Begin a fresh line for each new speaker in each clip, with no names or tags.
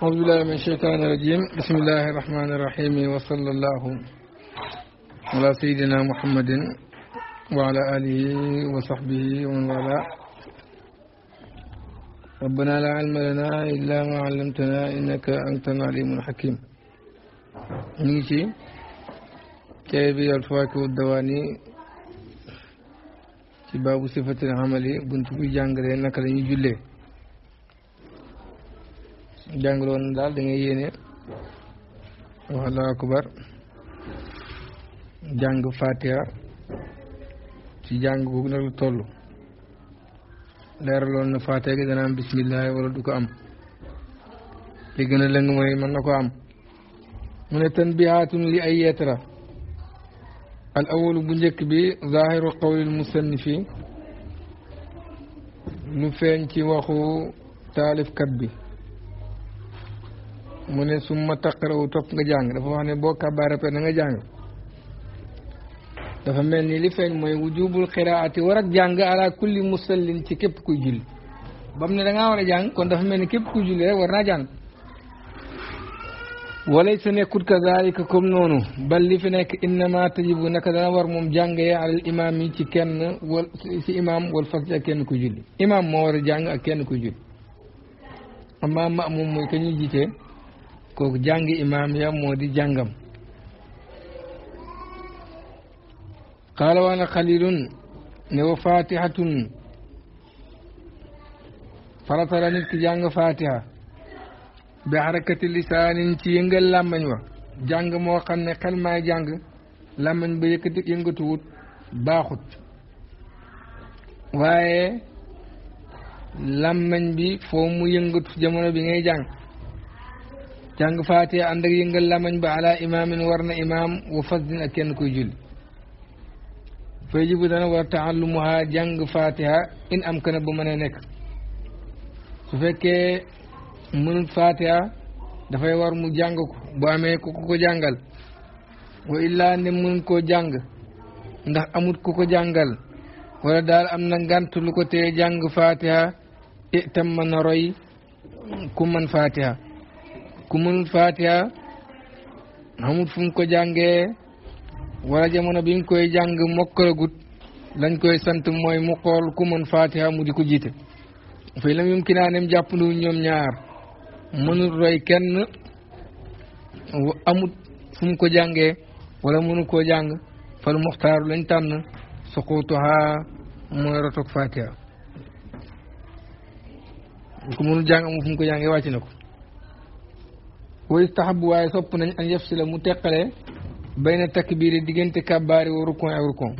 أعوذ بالله من الشيطان الرجيم بسم الله الرحمن الرحيم وصلى الله على سيدنا محمد وعلى آله وصحبه ومن والاه ربنا لا علم لنا إلا ما علمتنا إنك أنت العليم الحكيم نيجي كيبي الفواكه والدواني ci baabu sifatil amali bunt buy jàngalee naka la ñuy jullee jàngaloon daal da ngay yéene wax Allahu akbar jàng fatiha ci jàng googu nag lu toll leeraloon na fatiha gi dana am bismillah wala du ko am li gën a lëng mooy mën na ko am mu ne tanbihatun li ay yeetara al awalu bu njëkk bi zahiru qawlil musannifi lu feeñ ci waxu taalifkat bi mu ne summa taqarawu topp nga jàng dafa wax ne boo kabaare pe na nga jàng mel ni li feeñ mooy wujubul xiraati war ala kulli musallin ci képp kuy juli bam ne da ngaa war a jàng kon dafa mel ni képp kuy julli rek war naa jàng walay noonu bal li fi nekk innama dana war moom jàngee alal imaam yi ci kenn wal ci imaam wal fas ak kenn kuy julli imaam moo war a jàng ak kenn kuy julli amma ma moom kooku jàngi imaam ya moo di jàngam qaala waana xalilun ne wa fatihatun farata la ki jàng fatiha bi harakati lisaanin ci yëngal làmmañ wa jàng moo xam ne xel maay jàng làmmañ ba yëngatuwut baaxut waaye làmmañ bi foo mu yëngatu jamono bi ngay jàng jàng faatiha ànd ak yëngal lamañ ba ala imaamin war na imaam wa din ak kenn kuy julli fay jibu dana war taallumuha jàng faatiha in am kana ba mën a nekk su fekkee mënut faatiha dafay war mu jàng ko bu amee ku ko jàngal wa illaa koo jàng ndax amut ku ko jàngal wala daal am na gant lu ko tee jàng faatiha itam mën a roy ku mën ku mënul fatiha xamul fum ko jàngee wala jamono bi koy jàng mokkalagut lañ koy sant mooy mu xool ku mën fatiha mu di ko jiite fay lam yum ki naa nem ñoom ñaar mënul roy kenn amut fu ko jàngee wala mënu koo jàng fal muxtaaru lañ tànn suqutuha mooy rotoog fatiha ku mënul jàng amul fu ko jàngee wàcc na ko wa istahabu waaye sopp nañ an yafsila mu teqale bayna takbiiri diggante kabbaari wa rukon ak rukon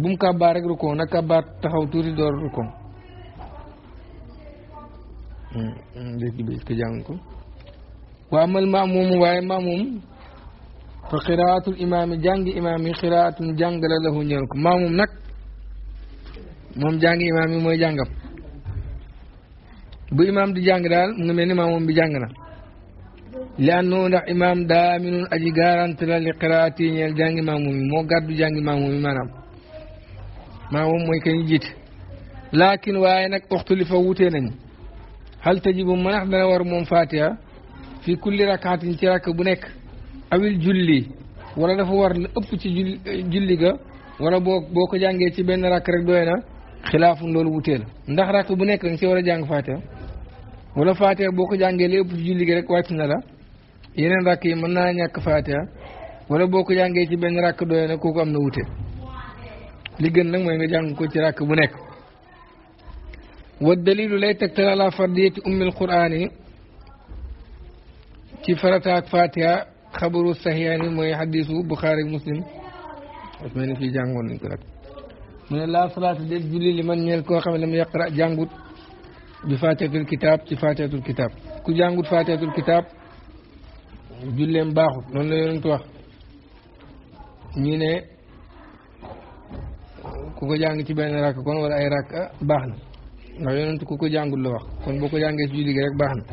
bum kabbaar rek rukon na kabbaar taxaw tuuti door rukon léegi bi ko wa amal maamuum waaye maamuum fa xiraatul imaami jàngi imaam yi xiraatun jàng la lahu ñeel ko maamuum moom jàngi imaam yi mooy jàngam bu imaam di jàng daal mu ngi mel bi jàng na li annahu ndax imaam daaminun aji garante la li qiraati yi ñeel jàngi maamu mi moo gàddu jàngi maamu mi maanaam maamu mooy kañ jiite laakin waaye nag uxtulifa wutee nañ hal tajibu manax dana war moom fatiha fi kulli rakaatin ci rakk bu nekk awil julli wala dafa war la ëpp ci julli wala boo boo ko jàngee ci benn rakk rek doy na xilaafun loolu ndax rakk bu nekk ci war a jàng fatiha wala fatiha boo ko jàngee la ëpp ci julli rek wàcc na la yeneen rakk yi mën naa ñàkk fatiha wala boo ko jàngee ci benn rakk doy na kooku am na wute li gën nag mooy nga jàng ko ci rakk bu nekk wa dalilu lay tegtal ala fardiyati ummil qur'ani ci farata ak fatiha xabaru saxiyaani mooy xadisu buxaari muslim daf ni fii jàngoon ne laa salaata def julli li man ñeel koo xam ne lam yaqra jàngut bi fatihatul kitab ci fatihatul kitab ku jàngut fatihatul kitab julleen baaxut noonu la yonent wax ñu ne ku ko jàng ci benn rakk kon wala ay rakk ah, baax na ndax yonent ku ko jàngut la wax kon boo ko jàngee si julli gi rek baax na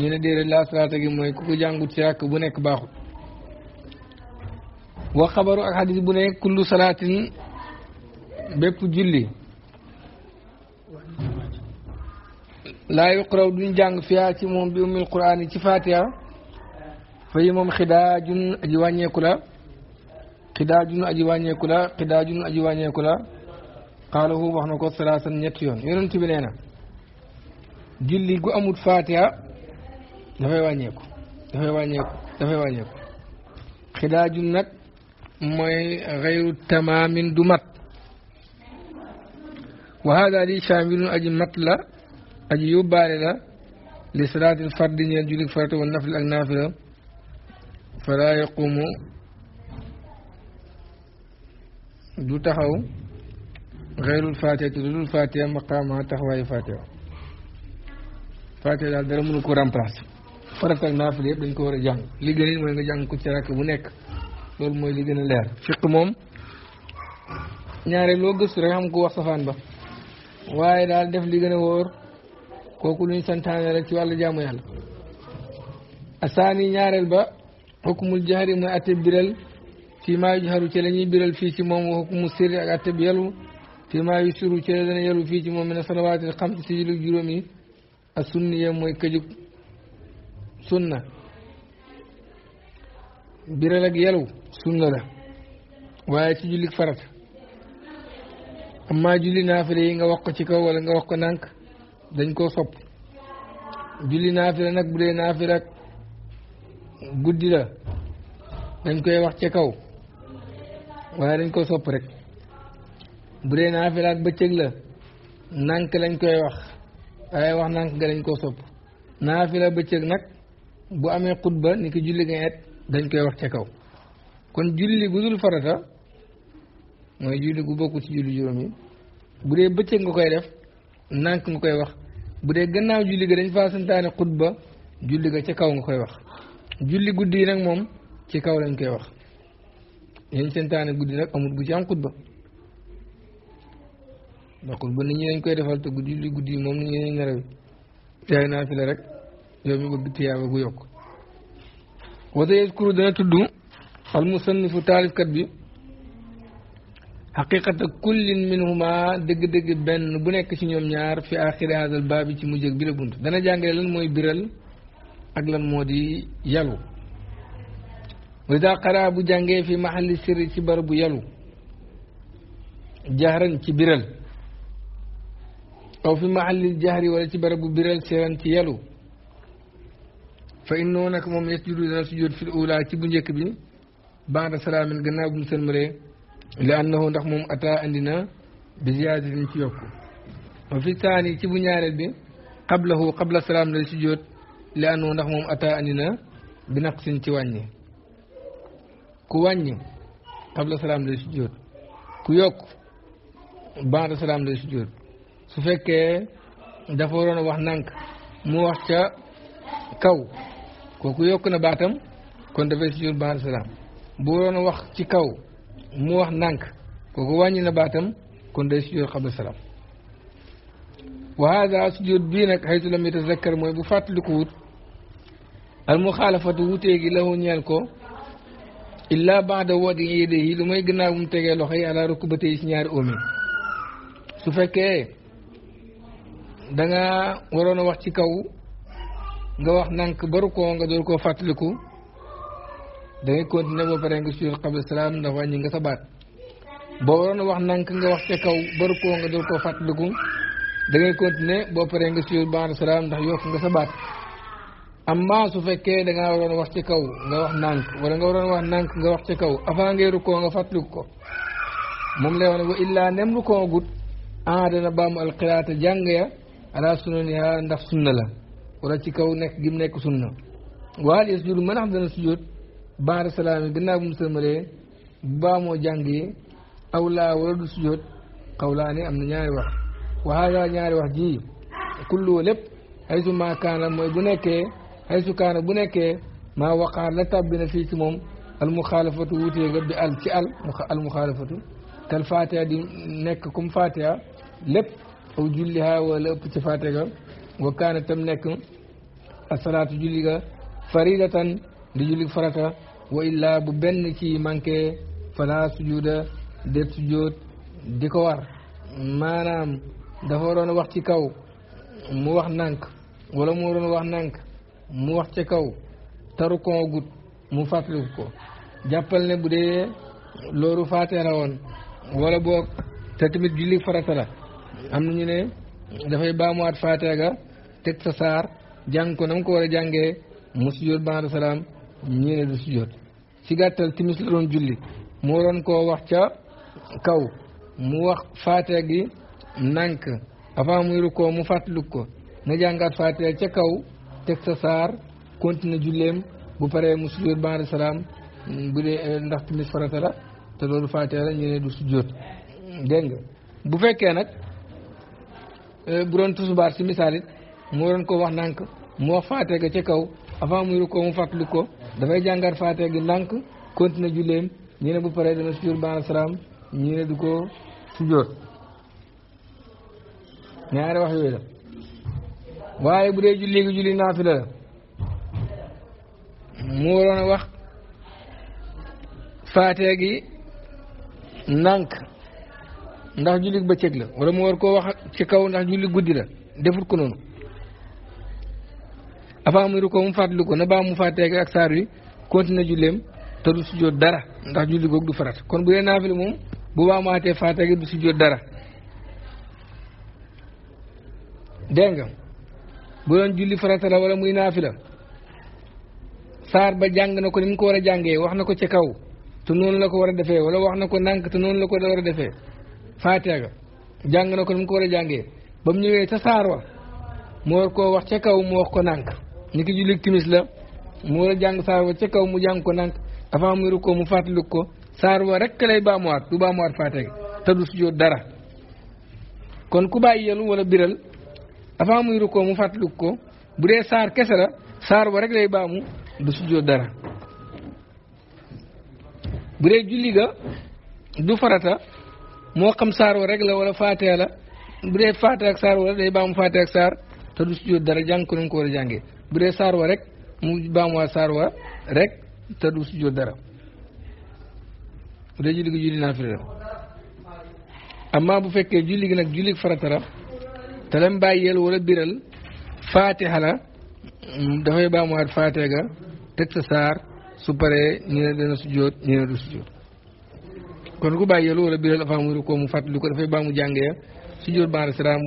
ñu ne déere la stratégie mooy ku ko jàngut si rakk bu nekk baaxut wa xabaru ak xadis bu ne kullu salatin bépp julli laa yuqraw duñ jàng fiha ci moom bi umil qouran ci fatiha fay moom xidaajun aji wàññeeku la xidaajun aji wàññeeku la xidaajun aji wàññeeku la xaalahu wax na ko salaasan ñetti yoon yonent bi nee na julli gu amut fatiha dafay wàññeeku dafay wàññeeku dafay wàññeeku xidaajun nag mooy xayru tamaamin du mat wa hada li caamilun aji mat la aji yóbbaale la li salaatil fardi ñeen julli farata wa nafli ak naafila fala yaqumu du taxaw xeyrul fatiha te dudul fatiha maqaama taxawaayu fatiha fatiha daal dara mënu ko remplacer farata ak naafila yëpp dañ ko war a jàng li gën it mooy nga jàng ko ci rakk bu nekk loolu mooy li gën a leer fiq moom ñaare loo gëstu rek xam ko wax safaan ba waaye daal def li gën a wóor kooku luñ santaane rek ci wàllu jaamu yàlla asaani ñaareel ba xukumul jahri mooy atte biral fii maa yujharu ci la ñuy biral fii ci moom wa xukumu sirri ak atte bi fii maa yusiru ci dana yalu fii ci moom a salawaatil xam si julli juróom yi ak sunniya mooy këjug sunna biral ak yalu sunna la waaye ci jullik farata amma julli naafila yi nga wax ko ci kaw wala nga wax ko nànk dañ koo sop julli naafila nag bu dee naafila guddi la dañ koy wax ca kaw waaye dañ ko sopp rek bu dee naafilaak bëccëg la nànk lañ koy wax waaye wax nànk ga lañ koo sopp naafila bëccëg nag bu amee xutba ni ki julli ga et dañ koy wax ca kaw kon julli bu dul farata mooy julli gu bokku ci julli juróom yi bu dee bëccëg nga koy def nànk nga koy wax bu dee gannaaw julli ga dañ fa santaane xutba julli ga ca kaw nga koy wax julli guddi yi nag moom ci kaw lañ koy wax yéen sentaane guddi nag amut bu ci am xutba ndax xutba ni ñu dañ koy defal te guddi julli guddi moom nit ñi dañ narawi tey naa fi rek yow mi bëgg tiyaaba gu yokk wata yaskuru dana tudd al musannifu taalifkat bi xaqiqata kullin minhuma dëgg-dëgg benn bu nekk ci ñoom ñaar fi axiri hadal baabi ci mujjëg bi la bunt dana jàngale lan mooy biral ak lan moo di yalu wa ida qara bu jàngee fi mahalli sirri ci barabu yalu jahran ci biral aw fi mahalli jahri wala ci barabu biral sirran ci yalu fa innoo nag moom yasjudu dana sujud fi ula ci bu njëkk bi baada salaamin gannaaw bu mu sëlmaree li annahu ndax moom ata andi na bi ziyaadatin ci yokku wa fi taani ci bu ñaareel bi qablahu qabla salaam lal sujud li àndoon ndax moom ataa andi na bi naqsin ci wàññi ku wàññi xabla salaam lay sujjóot ku yokk ba'da salaam lay su fekkee dafa waroon a wax nànk mu wax ca kaw kooku yokk na baatam kon dafay sujjóot ba'da a wax ci kaw mu wax nànk wàññi na baatam kon day sujjóot xabla salaam wa hada sujjóot bii nag xaytu lam yatazakkar mooy bu fàttalikuwut al muxaalafatu wutee gi lahu ñeel ko illa baada wadi yedayhi lu may gannaaw mu tegee loxo yi ala ba yi si ñaari omi su fekkee da waroon a wax ci kaw nga wax nank baru koo nga door koo fàttaliku da ngay continuer boo pare nga suur qabla salaam ndax wàññi nga sa baat boo waroon a wax nank nga wax ca kaw baru nga door koo fàttaliku da ngay boo pare nga suur baada salaam ndax yokk nga sa baat amma su fekkee da ngaa waroon wax ci kaw nga wax nànk wala nga waroon wax nànk nga wax ci kaw avant ngay rukkoo nga fàttaliku ko moom lay wax ne wa illaa nem rukkoo gut ah dana baamu alqiraata jàng ya ala sunaniha ndax sunna la wala ci kaw nekk gim nekk sunna waal yasjudu mën a xam dana sujjóot baada salaami gannaaw am na ñaari wax wa ñaari wax ji kullu lépp ay su mooy bu nekkee xay sukaana bu nekkee maa waqaar la tàbbi na fii moom almuxaalafatu wutee bi al ci al almuxaalafatu kal fatiha di nekk comme fatiha lépp aw julliha wala ëpp ci ga wa kaana tam nekk asalaatu julli ga faridatan di julli farata wa illaa bu benn ci manqué fala sujuda det sujud di ko war maanaam dafa waroon a wax ci kaw mu wax nànk wala mu waroon wax nànk mu wax ca kaw taru ko gut mu fàttaliku ko jàppal ne bu dee loolu faatee woon wala boo te tamit julli farata la am na ñu ne dafay baamuwaat faatee ga teg sa saar jàng ko na ko war a jànge mu sujjóot ba'da salaam ñu ne du sujjóot si gàttal timis la doon julli mu waroon koo wax ca kaw mu wax faatee gi nànk avant muy rukkoo mu fàttaliku ko na jàngaat faatee ca kaw teg sa saar continuer julleem bu paree mu sujjóot ba'da salaam bu dee eh, ndax timis farata la te loolu faatee la ñu ne du sujjóot dégg nga bu fekkee nag eh, bu doon tusubaar si misaal it moo doon ko wax ndànk mu wax faatee ga ca kaw avant muy rukkoo mu fàttali ko dafay jàngat faatee gi ndànk continuer julleem ñu bu paree dana sujjóot ba'da salaam ñu ne du ko sujjóot ñaari wax yooyu la waaye bu dee julli gi julli naafila la mu waroon a wax faatee gi nànk ndax julli bëccëg la wala mu war koo wax ci kaw ndax julli guddi la defut ko noonu avant muy rukkoo mu fàttali ko na baa mu fàttee gi ak saar wi continué julleem te du sujjóot dara ndax julli googu du farat kon bu dee naafila moom bu baa mu aatee faatee du sujjóot dara dégg nga bu doon julli farata la wala muy naafila saar ba jàng na ko ni mu ko war a jàngee wax na ko ci kaw te noonu la ko war a defee wala wax na ko nànk te noonu la ko war a defee faatiha jàng na ko ni mu ko war a jàngee ba mu ñëwee ca saar wa mu war koo wax ca kaw mu wax ko nànk ni ki julli timis la mu war a jàng saar wa ca kaw mu jàng ko nànk avant muy ko mu fàttaliku ko saar wa rek lay baamuwaat du baamuwaat faatiha ga te du sujjóot dara kon ku bàyyi yelu wala biral avant muy rukkoo mu fàttaliku ko bu dee saar kese la saar ba rek lay baamu du sujjóot dara bu dee julli ga du farata moo xam saar wa rek la wala faate la bu dee faatee ak saar wala day baamu faatee ak saar te du sujjóot dara jàng ko nañ ko war jàngee bu dee saar wa rek mu baamuwaat saar wa rek te du sujjóot dara bu dee julli gi julli naafila la amaa bu fekkee julli gi nag julli farata la te wala biral faatiha la mm, dafay su paree ñu ne kon ku bàyyeelu wala biral mu fàttali ko dafay baamu jàngee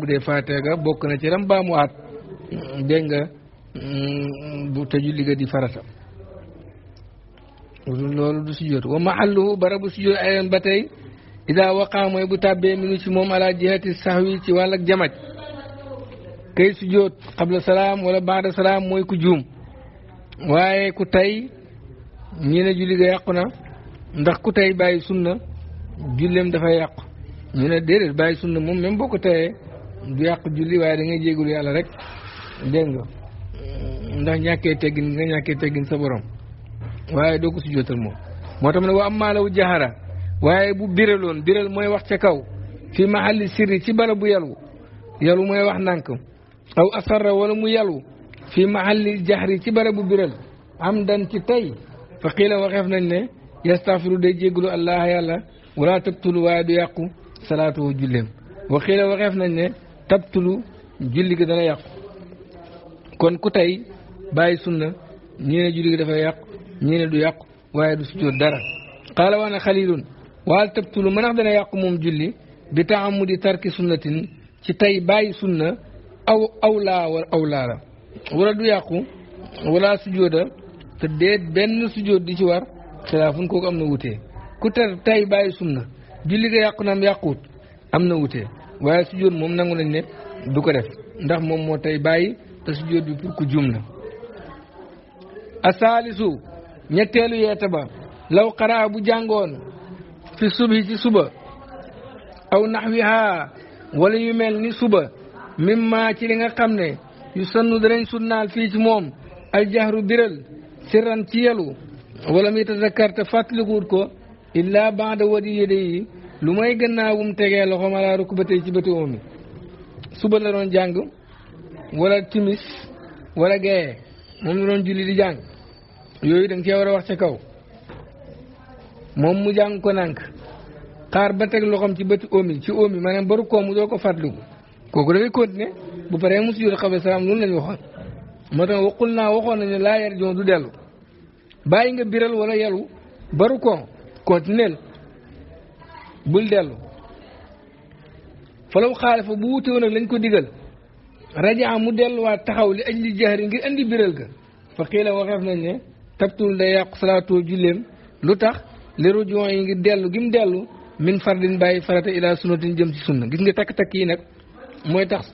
bu dee faatiha bokk na ci lam baamuwaat mm, dégg nga mm, bu tëju liggéey di farata loolu du sujjóot wa mahalluhu barabu sujjóot ayaan ba tey idaa waqaa mooy bu tàbbee minu ci moom ala jihati sahwi ci wàll ak jamaj kay sujjóot xabla salaam wala baada salaam mooy ku juum waaye ku tey ñi ne julli ga yàqu na ndax ku tey bàyyi sunna julleem dafa yàqu ñu ne déedéet bàyyi sunna moom même boo ko teyee du yàqu julli waaye da ngay jégalu yàlla rek dégg nga ndax ñàkkee teggin nga sa borom waaye doo ko sujjóotal moom moo tax ne wa ammaa law jaxara waaye bu biraloon biral mooy wax ca kaw fi mahalli sirri ci bala bu yalu yalu mooy wax nànk aw asarra wala mu yalu fi mahalli jahri ci barabu biral am dan ci tey fa qiila waxeef nañ ne yastafiru day jéggalu allah yàlla wala tabtulu waaye du yàqu salaatuhu julleem wa qiila waxeef nañ ne tabtulu julli gi dana yàqu kon ku tey bàyyi sunna ñii ne julli gi dafay yàqu ñii ne du yàqu waaye du sujjóot dara qaala waana xalilun waal tabtulu manax dana yàqu moom julli bi taamudi tarki sunnatin ci tey bàyyi sunna aw awlaa wala awlaa la wala du yàqu wala sujooda te déet benn sujood di ci war xilaafun kooku am na wutee ku ter tay bàyyi sunna julli ga yàqu na am yàquut am na wutee waaye sujood moom nangu nañ ne du ko def ndax moom moo tay bàyyi te sujood bi pour ku jum la asaalisu ñetteelu yeete ba law xaraa bu jàngoon fi subhi ci suba aw naxwiha wala yu mel ni suba mimma ci li nga xam ne yu sannu danañ sunnaal fii ci moom aljahru biral sirran ci yelu wala mi tazakar te fàttalikuwut ko illa baada wadi yéde yi lu may gannaawum tegee loxoom alaa rukbatee ci bëti omi suba la doon jàng wala timis wala gaye moom la doon julli di jàng yooyu da nga cee war a wax ci kaw moom mu jàng ko nànk xaar ba teg loxoom ci bëti omi ci omi maanaam baru koo mu doo ko fàttaliku kooku dafay continuer bu paree mu sujjóot xabla salaam loolu lañ waxoon moo tax waxul naa waxoon nañ ne laa yar joon du dellu bàyyi nga biral wala yalu baru ko continuer bul dellu falaw xaalifa bu wutewoon nag lañ ko digal raja mu delluwaat taxaw li ajli jahri ngir andi biral ga fa xiila waxeef nañ ne tabtul day yàqu salaatoo julleem lu tax li rujon yi ngir dellu gi mu dellu min fardin bàyyi farata ila sunnatin jëm ci sunna gis nga takk-takk yi mooy tax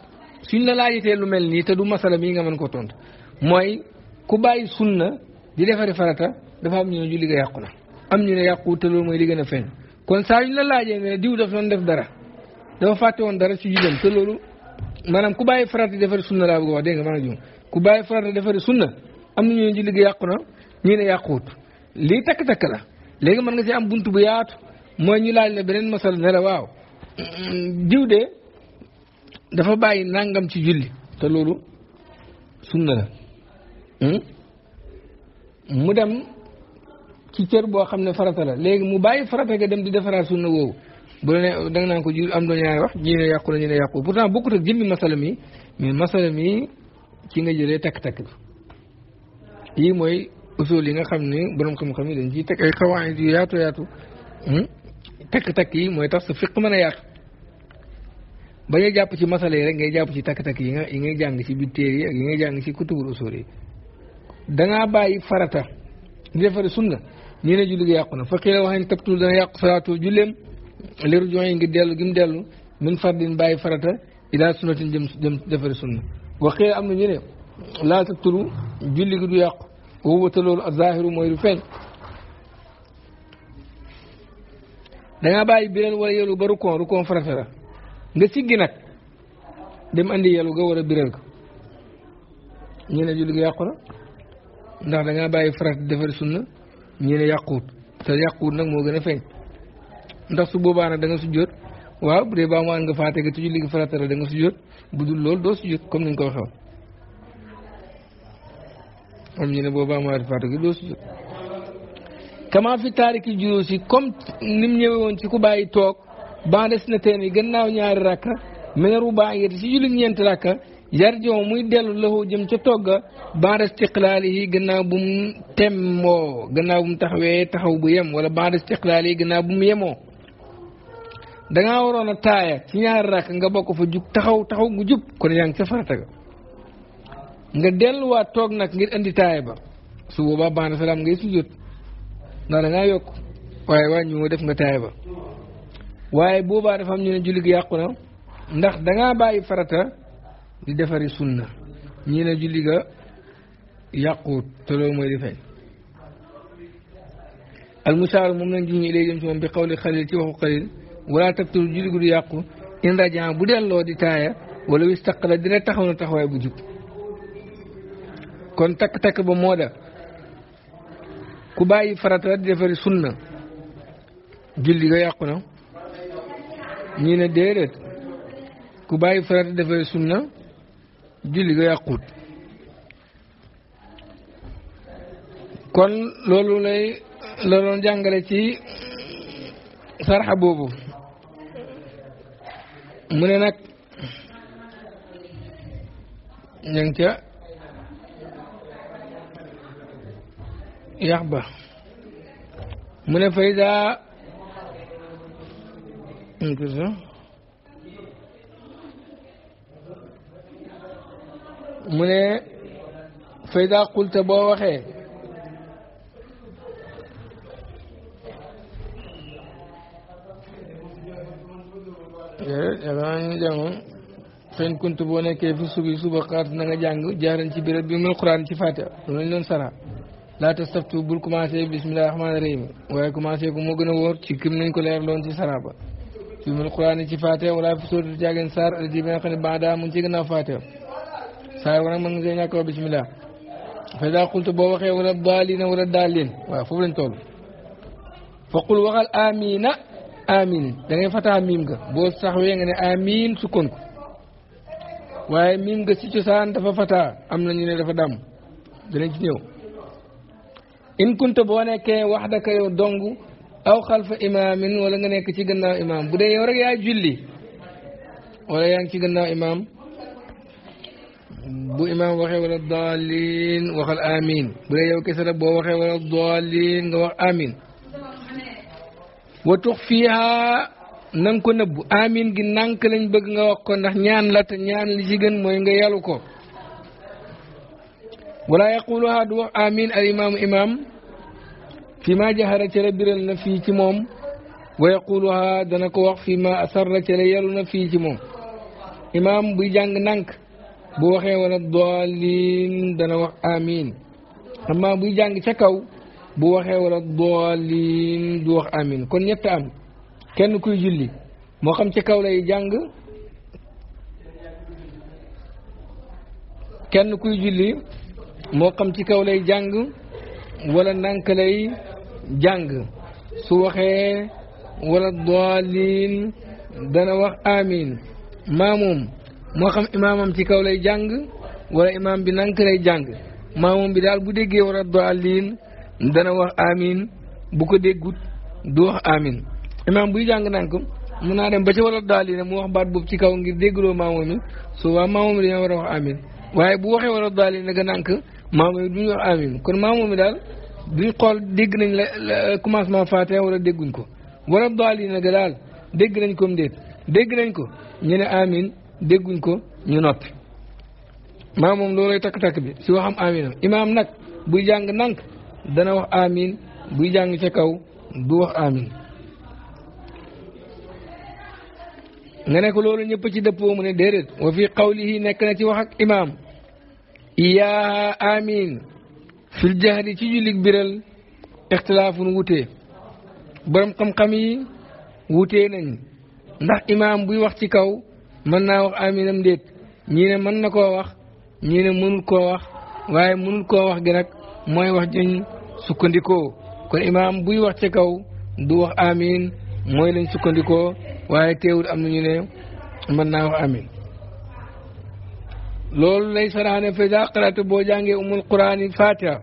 suñ la laajitee lu mel nii te du masala mii nga mën koo tontu mooy ku bàyyi sunna di defari farata dafa am ñu ne julli ga yàqu na am ñu ne yàqu te mooy li gën a feeñ kon saa la laajee diw daf doon def dara dafa fàtte woon dara ci julleem te loolu maanaam ku bàyyi farata di defari sunna laa bëgg wax dégg nga maanaam jum ku bàyyi farata defari sunna am na ñu ne yàqu na ñu ne lii takk-takk la léegi mën nga si am bunt bu yaatu mooy ñu laaj la beneen masala ne la waaw diw de dafa bàyyi nangam ci julli te loolu sunna la hmm? mu dem ci cër boo xam ne farata la mu bàyyi farata ga dem di defaraat sunna woowu bu la ne ko ju am doon ñaari wax ñi ne yàqu la ñu ne yàqu pourtant bokkut ak jëmmi masala mi mais masala mi ci nga jëlee takk-takk bi mooy usul yi nga xam ne borom xam-xam yi dañ ciy ay xawaayit yu yaatu yaatu hmm? takk-takk yi mooy tax sa fiq mën a yaatu bañ a jàpp ci masala yi rek ngay jàpp ci takk-takk yi nga yi ngay jàng ci biir téere yi ak jàng ci kutubul usul yi dangaa bàyyi farata ñu defari sunna ñu ne julli gi yàqu na fa xiila wax ne tabtul dana yàqu salaatu julleem liru joxe ngi dellu gi mu dellu min fardin bàyyi farata ilaa sunnatin jëm jëm defari sunna wa am na ñu ne laa tabtulu julli gi du yàqu wowata loolu ak zaahiru mooy du dangaa bàyyi beneen wala yelu ba rukon rukon farata nga gi nag dem andi yàlla nga war a biral ko ñu ne julli gi yàqu na ndax da ngaa bàyyi farat defar sunna ñu ne yàquut te yàquut nag moo gën a feeñ ndax su boobaa nag da nga sujjóot waaw bu dee baa nga faate ga te julli gi farata da nga sujjóot bu dul loolu doo sujjóot comme niñ ko waxee am ñu ne boobaa maan faate ga doo sujjóot kama fi taariki juróo si comme nim ñëwee woon ci ku bàyyi toog baa si na teen yi gannaaw ñaari rakka mine rubaayati ci jullit ñeenti rakka yarjoo muy dellu loxo jëm ca togga baada istiqlaalihi gannaaw bu mu gannaaw bu mu taxaw bu yem wala baada istiqlaalihi gannaaw bu mu yemoo danga waroon a taaya ci ñaari rakk nga bokk fa jug taxaw taxaw nga jub kon yaa ngi ca farata nga delluwaat toog nag ngir andi taaya ba su boobaa baada salaam ngay sujjóot ndax dangaa yokk waaye wàññi woo def nga taaya ba waaye boobaa dafa am ñu ne julli gi yàqu na ndax dangaa bàyyi farata di defari sunna ñii ne julli ga yàquut te loolu mooy di feeñ almusaar moom lañ juñu ilay jëm si moom bi xawli xalil ci waxu xalil wala tabtul julli gu yàqu in rajan bu delloo di taaya wala wistaqala dina taxaw na taxawaay bu jub kon takk-takk ba moo ku bàyyi farata di defari sunna julli ga yàqu na ñii ne déedéet ku bàyyi farata dafay sunna julli ga yàquut kon loolu lay la jàngale ci sarxa boobu mu ne nag ña ca yax ba mu ne fayda ñu tudd sax mu ne fayda boo waxee yaakaar
eh, naa ñu jàngoon
fen kunt boo nekkee fi subi suba xaat na nga jàng jaaran ci biir bi mul quran ci fatiha loolu lañ doon sara laa tastaftu bul commencé bismillahi rahmaani rahim waaye commencé ko moo gën a ci kim nañ ko leer loon ci sara ba fi mu alquran ci Fatiha wala fi sóoratu jaageen saar alji bi nga xam ne baada mu ngi ci gannaaw Fatiha saar wala mën nga see ñàkk a wax bisimilah fa daa xultu boo waxee wala daalina wala daalin waaw foofu lañ toll fa qul waxal amina amin da fataa miim nga boo saxwee nga ne amin sukkoon ko waaye miim nga si cosaan dafa fataa am na ñu ne dafa dàmm danañ ci ñëw in kunta boo nekkee wax daka yow dong aw xalfa imaamin wala nga nekk ci gannaaw imaam bu dee yow wala yaa ngi ci gannaaw imaam bu imaam wala daalin waxal amin bu dee yow kese la boo waxee wala daalin nga wax amin wa tux fiha ko nëbbu amin gi nànk lañ bëgg nga wax ko ndax ñaan la te ñaan li ci gën mooy nga yalu ko wala yaquluha du wax amin al imaamu imaam fii maa jaxara ca la biral na fii ci moom wa yaquluha dana ko wax fii ma asarra ca la yalu na fii ci moom imaam buy jàng nànk bu waxee wala doolin dana wax amin amma buy jàng ca kaw bu waxee wala doolin du wax amin kon ñett am kenn kuy julli moo xam ca kaw lay jàng kenn kuy julli moo xam ci kaw lay jàng wala nànk lay jàng su waxee wala daalin dana wax amin maamoom moo xam imaamam ci kaw lay jàng wala imaam bi nank lay jàng maamoom bi daal bu déggee wala daalin dana wax amin bu ko déggut du wax amin imaam buy jàng nank mun naa dem ba ca wala daalin mu wax baat boobu ci kaw ngir déggloo maamoom yi su waa maamoom yi dañoo war a wax amin waaye bu waxee wala daalin nag nank maamoom yi duñu wax amin kon maamoom daal duñ xool dégg nañ la commencement Fatiha wala dégguñ ko wala daalina ga daal dégg nañ ko mu dégg nañ ko ñu ne amin dégguñ ko ñu noppi maa moom loolay takk-takk bi si waxam amin imaam nag buy jàng nank dana wax amin buy jàng ca kaw du wax amin nga ne ko loolu ñëpp ci dëppoo mu ne déedéet wa fi qawlihi nekk na ci wax ak imaam iyaa amin fil jahri ci jullit biral ixtilaafun wutee borom xam-xam yi wutee nañ ndax imaam buy wax ci kaw mën naa wax aminam ndéet ñii ne mën na koo wax ñii ne mënul koo wax waaye mënul koo wax gi nag mooy wax juñ sukkandikoo kon imaam buy wax ci kaw du wax amin mooy lañ sukkandikoo waaye teewul am na ñu ne mën naa wax amin loolu lay saraxane fa ida qarata boo jàngee umul quraan fatiha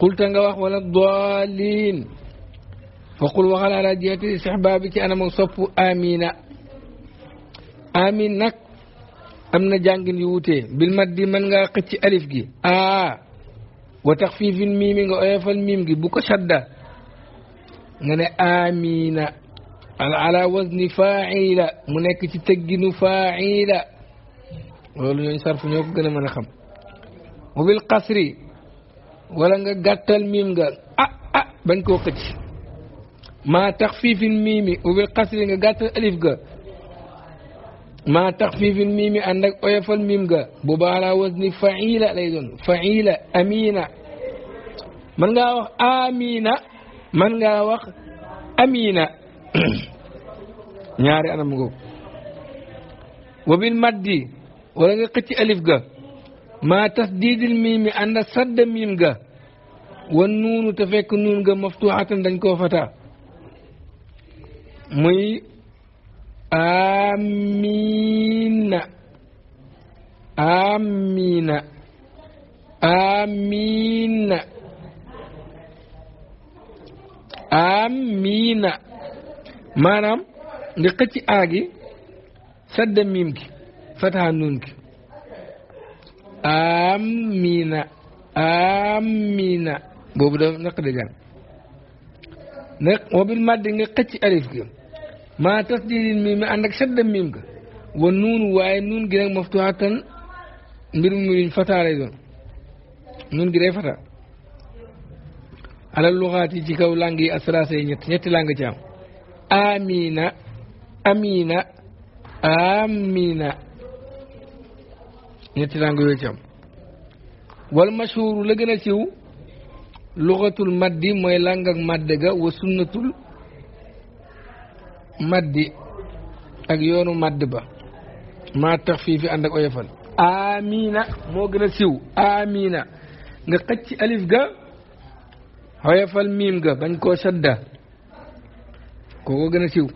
qulta nga wax wala daalin fa qul waxal ala jihati istihbaabi ci anam sopp amina amin nag am na jàngin yu wutee bil mat di mën ngaa xëcc alif gi aa wa taxfiifin miimi nga oyofal miim gi bu ko shadda nga ne amina al ala wazni faila mu nekk ci tegginu faila loolu ñooñu sarfu ñoo ko gën a mën a xam wa bil xasri wala nga gàttal miim nga ah maa tax fiifin miimi wa bil xasri nga gàttal alif ga maa tax fiifin miimi ànd ak oyofal miim ga bu baalaa wasni faila lay doon faila amina man ngaa wax amina man ngaa wax amina ñaari anam googu wa bil maddi wala nga xëcc alif ga ma tasdiidil miimi ànd ak sadda miim ga wan nuunu te fekk nuun ga maftuuxatan dañ koo fata muy amiina amiina amiina amiina maanaam nga xëcc aagi sadda miim gi fataha nun ki amina amina boobu dafa naq di gan nag wabil maddi nga xëcc alif gi ma tasdidin miim mi ànd ak shadda miim ga wa nuun waaye nuun gi nag maftuhatan mbir mu yuñ fataa lay doon nuun gi day fataa alal luxaat yi ci kaw lang yi asalaasa yi ñett ñetti lang ci am ñetti langue yooyu ci am wal mashhur la gën a siiw luxatul maddi mooy làng ak madde ga wa sunnatul maddi ak yoonu madd ba maa tax fii ak oyofal amina moo gën a siw amina nga xëcc alif ga oyofal miim ga bañ koo sadda kooko gën a siiw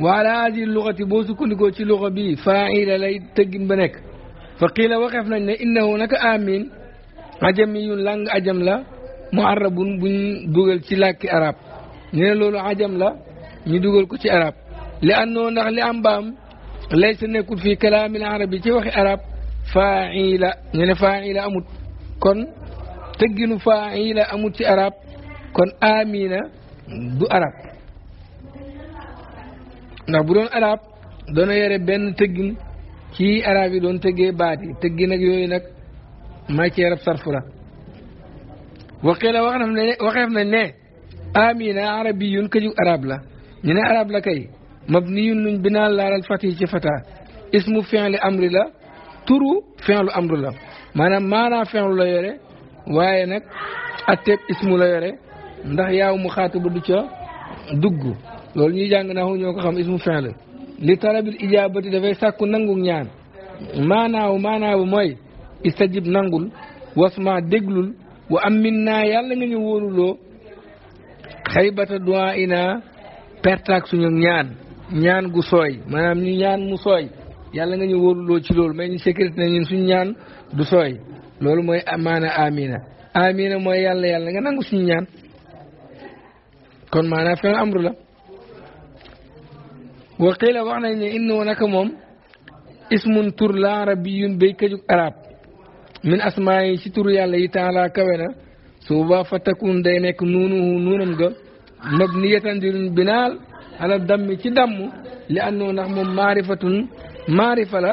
waala hadi luxati boo sukkandikoo ci luxa bi faila lay tëggin ba nekk فقيل وقفنا إن إنه هناك آمين عجمي لان عجم لا معرب بن دوغل سلاك عرب نين لولو عجم لا ندوغل كتي عرب لأنه نغلي أنبام ليس نكون في كلام العربي تي وخي عرب فاعل نين فاعل أموت كن تجن فاعل أموت تي عرب كن آمين دو عرب نبرون نعم، عرب دون يرى بين تجن ci arab yi doon tëggee baat yi tëggi nag yooyu nag matière ab sarfu la waqila wax na ne waxeef nañ ne amina arabiyun këju arab la ñu ne arab la kay mabniyun luñ binaa laalal fati ci fata ismu fi'li amri la turu fi'lu amru la maanaam maanaa fi'lu la yore waaye nag atteeb ismu la yore ndax yaaw mu xaatu ba du ca dugg loolu ñuy jàng naa ñoo ko xam ismu fi'l li talabil ijaabati dafay sàkku nangu ñaan maanaaw maanaaw mooy istajib nangul wasma déglul wa am min naa yàlla nga ñu wóoluloo xaybata duwaa ina pertaak suñu ñaan ñaan gu sooy maanaam ñu ñaan mu sooy yàlla nga ñu wóoluloo ci loolu may ñu sécurité na ñun suñu ñaan du sooy loolu mooy maana amina amina mooy yàlla yàlla nga nangu suñu ñaan kon maanaa fen amru la waqiila wax nañ ne innahu naka moom ismun tur la arabiyun bay këjug arab min asmaa ci tur yàlla yi taala kawe na su fa takun day nekk nuunuhu nuunam ga mabniyatan diruñ binaal ala dammi ci damm li annoo ndax moom maarifatun maarifa la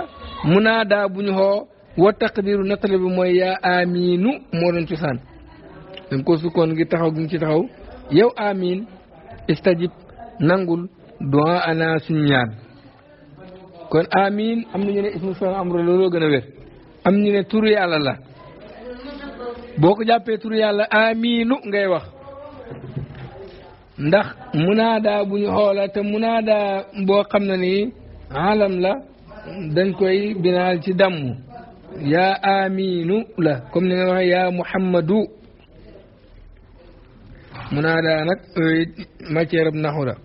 munaadaa bu ñu xoo wa taqdiru nattale bi mooy yaa amiinu moo doon cosaan dañ ko sukkoon ngir taxaw gi ci taxaw yow amiin istajib nangul doa ana suñ ñaan kon amin am na ñu ne ismu fi'l amru looloo gën a wér am ñu ne turu la boo ko jàppee turu yàlla aminu ngay wax ndax munaada bu ñu xoola te munaada boo xam ne ni alam la dañ koy binaal ci damm yaa aminu la comme ni nga waxee yaa muhammadu munaada nag euh, matière ab naxu la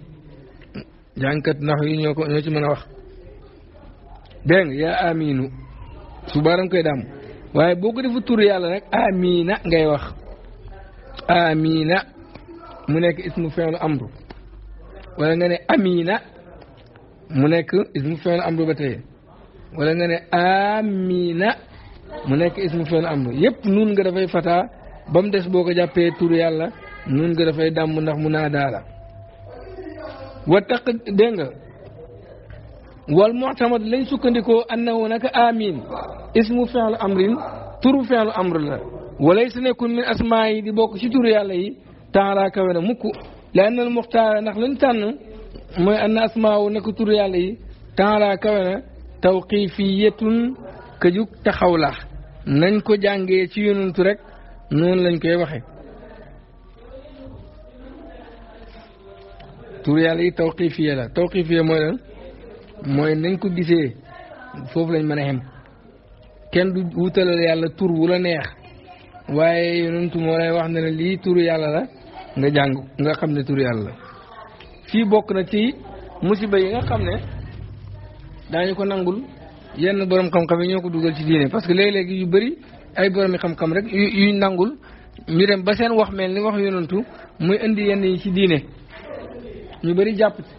jàngkat nax yi ñoo ko ñoo ci mën a wax dégg nga yaa aminu su koy daam waaye boo ko defu tur yàlla rek amina ngay wax amina mu nekk ismu fi'l amru wala nga ne mu nekk ismu fi'l amru ba tey wala nga ne amina mu nekk ismu fi'l amru yépp nun nga dafay fataa ba mu des boo ko jàppee tur yàlla nun nga dafay dàmm ndax mu naa daala wa taq dégg nga wal mu'tamad lañ sukkandikoo annahu naka amin ismu fi'lu amrin turu fi'lu amr la walay sa nekkul min asmaa yi di bokk ci turu yàlla yi taala kawe na mukk la anna al muxtaara ndax lañ tànn mooy anna asmaa wu nekk turu yàlla yi taala kawe na tawqifiyatun këjug taxaw la nañ ko jàngee ci yonantu rek noonu lañ koy waxe tour yàlla yi tawqifiya la tawqifiya mooy lan mooy nañ ko gisee foofu lañ mën a xem kenn du wutalal yàlla tur wu la neex waaye yonentu moo lay wax ne ne lii turu yàlla la nga jàng nga xam ne turu yàlla la fii bokk na ci musiba yi nga xam ne daañu ko nangul yenn borom xam-xam yi ñoo ko dugal ci diine parce que léeg-léeg yu bëri ay borom xam-xam rek yu yuñ nangul ñu dem ba seen wax mel ni wax yonentu muy indi yenn yi ci diine ñu bëri jàpp ci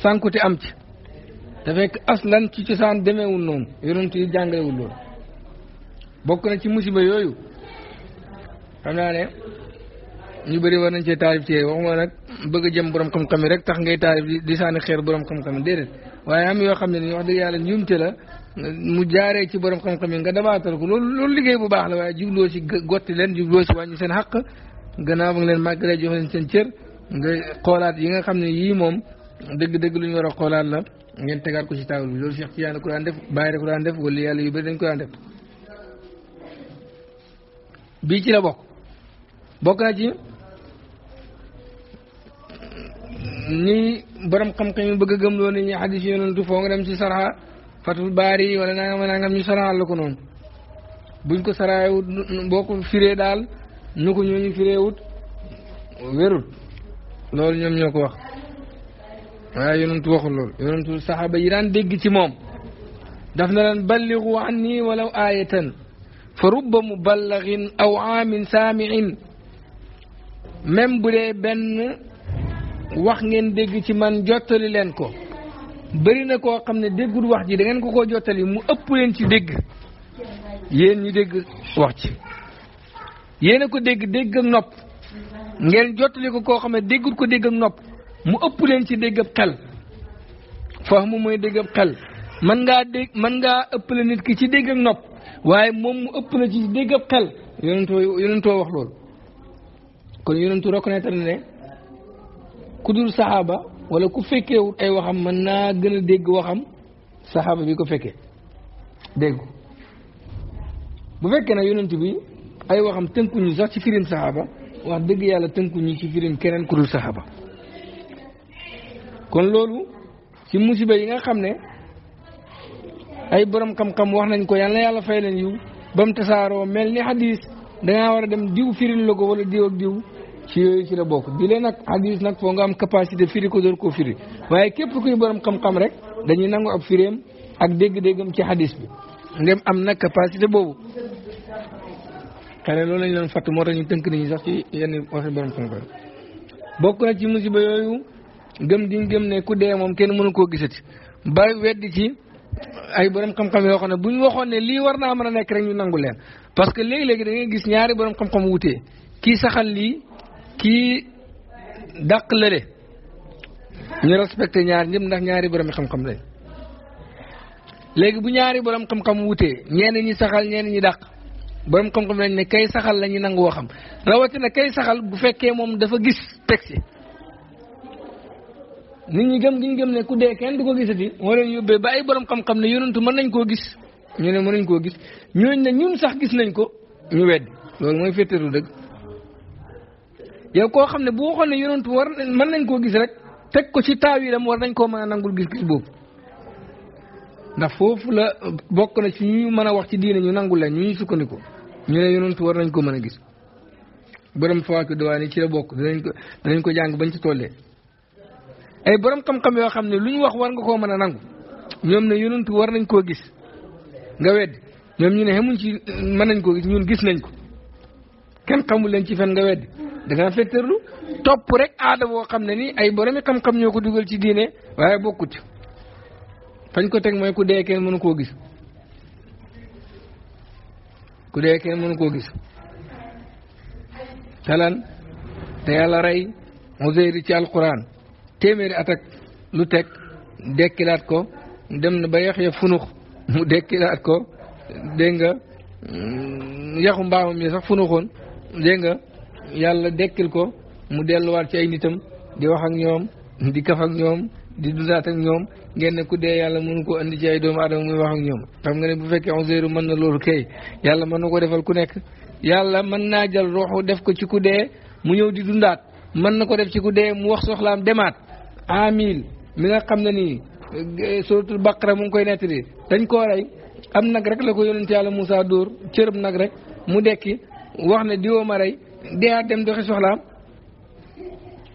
sànkute am ci te fekk aslan ci cosaan demeewul noonu yonent yi jàngalewul lool bokk na ci musiba yooyu xam naa ne ñu bëri war nañ cee taarif téere waxuma nag bëgg jam borom xam-xam yi rek tax ngay taarif di di sànni xeer borom xam-xam yi déedéet waaye am yoo xam ne ni wax dëgg yàlla te la mu jaaree ci borom xam-xam yi nga dabaatal ko loolu lool liggéey bu baax la waaye jubloo si gotti leen jubloo ci wàññi seen xàq gannaaw ba nga leen màggalee jox leen seen cër nga xoolaat yi nga xam ne yii moom dëgg-dëgg lu ñu war a xoolaat la ngeen tegaat ko ci taagul bi loolu Cheikh Tidiane ku daan def bàyyi rek ko daan def wala yàlla yu bëri dañ ko daan def bii ci la bokk bokk na ci ni borom xam-xam bëgg a loo nit ñi xadis dem ci sarxa fatul baari wala nangam nangam ñu ko noonu ko saraayewut boo ko firee daal nu ko loolu ñoom ñoo ko wax waaye yonentu waxul loolu yonentu saxaaba yi daan dégg ci moom daf na leen balligu anni walaw aayatan fa rubba muballagin aw aamin saamiin même bu dee benn wax ngeen dégg ci man jottali leen ko bëri na koo xam ne déggul wax ji da ngeen ko koo jottali mu ëpp leen ci dégg yéen ñu dégg wax ci yéen a ko dégg dégg nopp ngeen jottali ko koo xam ne déggut ko dégg nopp mu ëpp leen ci dégg ab xel fahmu mooy dégg ab xel mën ngaa dégg man ngaa ëppale nit ki ci dégg nopp waaye moom mu ëpp la ci dégg ab xel yonentoo yonentoo wax lool kon yonentu reconnaître ne ku dul saxaaba wala ku fekkeewut ay waxam mën naa gën a dégg waxam saxaaba bi ko fekkee dégg bu fekkee na yonent bi ay waxam tënkuñu sax ci firim saxaaba wax dëgg yàlla tënku ñu ci firim keneen ku dul saxaaba kon loolu ci musiba yi nga xam ne ay borom xam-xam wax nañ ko yàlla yàlla fay leen yiw ba mu tasaaroo mel ni hadis dangaa war a dem diw firin la ko wala diw ak diw ci yooyu ci bokk di leen nag hadis nag foo nga am capacité firi ko door koo firi waaye képp kuy borom xam-xam rek dañuy nangu ab firéem ak dégg-déggam ci hadis bi ndem am nag capacité boobu xëy na loolu la ñu doon fàtt moo tax ñu tënk nañu sax ci yenn waxi borom xam-xam bokk na ci musiba yooyu gëm di gëm ne ku dee moom kenn mënu koo gisati ba weddi ci ay borom xam-xam yoo xam ne bu ñu waxoon lii war naa mën a nekk rek ñu nangu leen parce que léegi-léegi dangay gis ñaari borom xam-xam wute kii saxal lii ki dàq lële ñu respecté ñaar ñëpp ndax ñaari borom xam-xam lañ léegi bu ñaari borom xam-xam wutee ñenn ñi saxal ñenn ñi dàq. borom xam-xam ne kay saxal la ñu nangoo xam rawatina kay saxal bu fekkee moom dafa gis texte nit ñi gëm gi gëm ne ku dee kenn du ko gisati moo leen yóbbee ba ay borom xam-xam ne yonantu mën nañ koo gis ñu ne mën nañ koo gis ñooñ ne ñun sax gis nañ ko ñu weddi loolu mooy féeteeru dëgg yow koo xam ne bu waxoon ne yonantu war mën nañ koo gis rek teg ko ci taawilam war nañ koo mën a nangul gis-gis boobu ndax foofu la bokk na ci ñu mën a wax ci diine ñu nangul la ñu ñu sukkandiku ñu ne yonent war nañ ko mën a gis borom fawaaki dowaa ni ci la bokk danañ ko danañ ko jàng bañ ci tollee ay borom xam-xam yoo xam ne lu ñu wax war nga koo mën a nangu ñoom ne yonent war nañ koo gis nga wedd ñoom ñu ne xamuñ ci mën nañ koo gis ñun gis nañ ko kenn xamul leen ci fen nga wedd da ngaa fetterlu topp rek aada boo xam ne ni ay boromi xam-xam ñoo ko dugal ci diine waaye bokkut fañ ko teg mooy ku dee kenn mënu koo gis ku dee kenn mënu koo gis talan te yàlla rey Uzayr ci alquran téeméeri at lu teg dekkilaat ko dem na ba yax ya funux mu dekkilaat ko dégg nga mm, yaxu mbaamam yi sax funuxoon dégg nga yàlla dekkil ko mu delluwaat ci ay nitam di wax ak ñoom di kaf ak ñoom di dundaat ak ñoom ngeen ku dee yàlla mënu ko andi ci ay doomu aadama muy wax ñoom xam nga ne bu fekkee Uzayru mën na loolu kay yàlla mën na ko defal ku nekk yàlla mën naa jël ruuxu def ko ci ku dee mu ñëw di dundaat mën na ko def ci ku dee mu wax soxlaam demaat amil mi nga xam ne nii eh, suratul baqara mu ngi koy nettali dañ koo rey am nag rek la ko yonent yàlla Moussa dóor cërëb nag rek mu dekki wax ne diwoo ma rey deeaat dem doxi soxlaam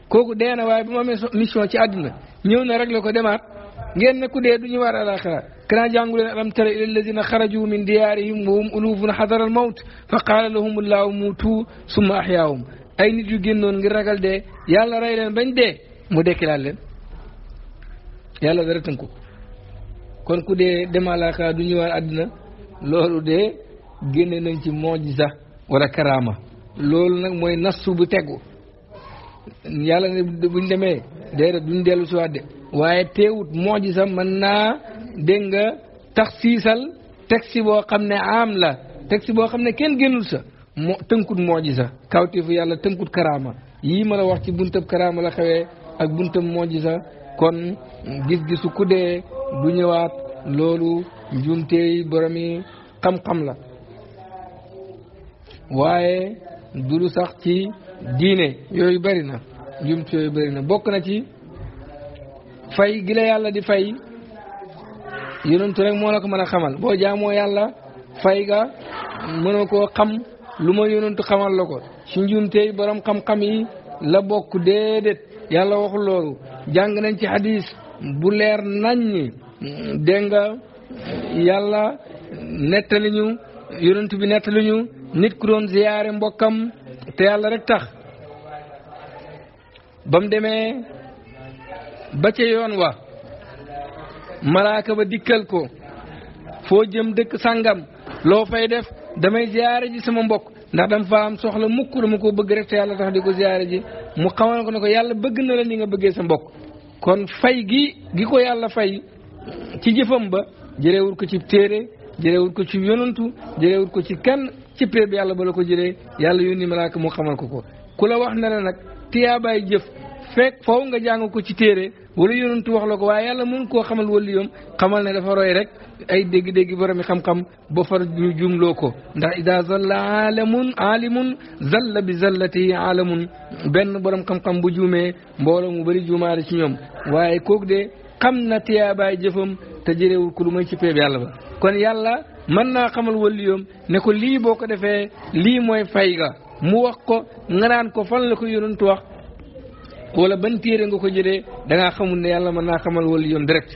kooku dee na waaye ba mu amee mission ci àdduna ñëw na rek la ko demaat ngeen ne ku dee du ñu war alaxira kanaa jàngu leen alam tara ila alladina xaraju min diyaarihim wa hum ulufun xadara al mawt fa qaala lahum allahu summa ay nit yu génnoon ngir ragal dee yàlla rey leen bañ dee mu dekkilaat leen yàlla dara tënku kon ku dee dem alaxira du ñëwaat àddina loolu de génne nañ ci moojisa wala karaama loolu nag mooy nassu bu tegu yàlla bu buñ demee déedéet duñ dellu si waat de waaye teewut moo ji sax mën naa dégg nga tax siisal texte boo xam ne am la texte boo xam ne kenn génnul sa moo tënkut moo ji sax kawteefu yàlla tënkut karaama yii ma la wax ci buntab karaama la xewee ak buntam moo sax kon gis-gisu ku dee du ñëwaat loolu njuumteey borom yi xam-xam la waaye du lu sax ci diine yooyu bëri na jumtu yooyu bëri na bokk na ci fay gi yàlla di fay yonentu rek moo la ko mën a xamal boo jaamoo yàlla fay ga mënoo koo xam lu ma yonentu xamal la ko ci njumtey borom xam-xam yi la bokk déedéet yàlla waxul jàng nañ ci hadis bu leer nañ dégg nga yàlla nettali ñu bi nettali nit ku doon ziyaare mbokkam te yàlla rek tax ba demee ba ca yoon wa malaaka ba dikkal ko foo jëm dëkk sàngam loo fay def damay ziyaare ji sama mbokk ndax dama fa am soxla mukk dama ko bëgg rek te yàlla tax di ko ziyaare ji mu xamal ko ne ko yàlla bëgg na la ni nga bëggee sa mbokk kon fay gi gi ko yàlla fay ci jëfam ba jërewul ko ci téere jërewul ko ci yonantu jërewul ko ci kenn ci péeb yàlla ba la ko jëlee yàlla yónni malaaka mu xamal ko ko ku la wax na la nag tiyaabaay jëf fekk faw nga jàng ko ci téere wala yonentu wax la ko waaye yàlla mën koo xamal wala yoom xamal ne dafa roy rek ay dégg-dégg boromi xam-xam ba far ñu jumloo ko ndax ida zalla aalamun aalimun zalla bi zallatihi aalamun benn borom xam-xam bu juumee mbooloo mu bëri juumaale ci ñoom waaye kooku de xam na tiyaabaay jëfam te jëreewul ko lu may ci péeb yàlla ba kon yàlla mën naa xamal waliyoom ne ko lii boo ko defee lii mooy fay ga mu wax ko nga naan ko fan la ko yonantu wax walla ban téere nga ko jëlee da ngaa xamul ne yàlla mën naa xamal waliyoom direct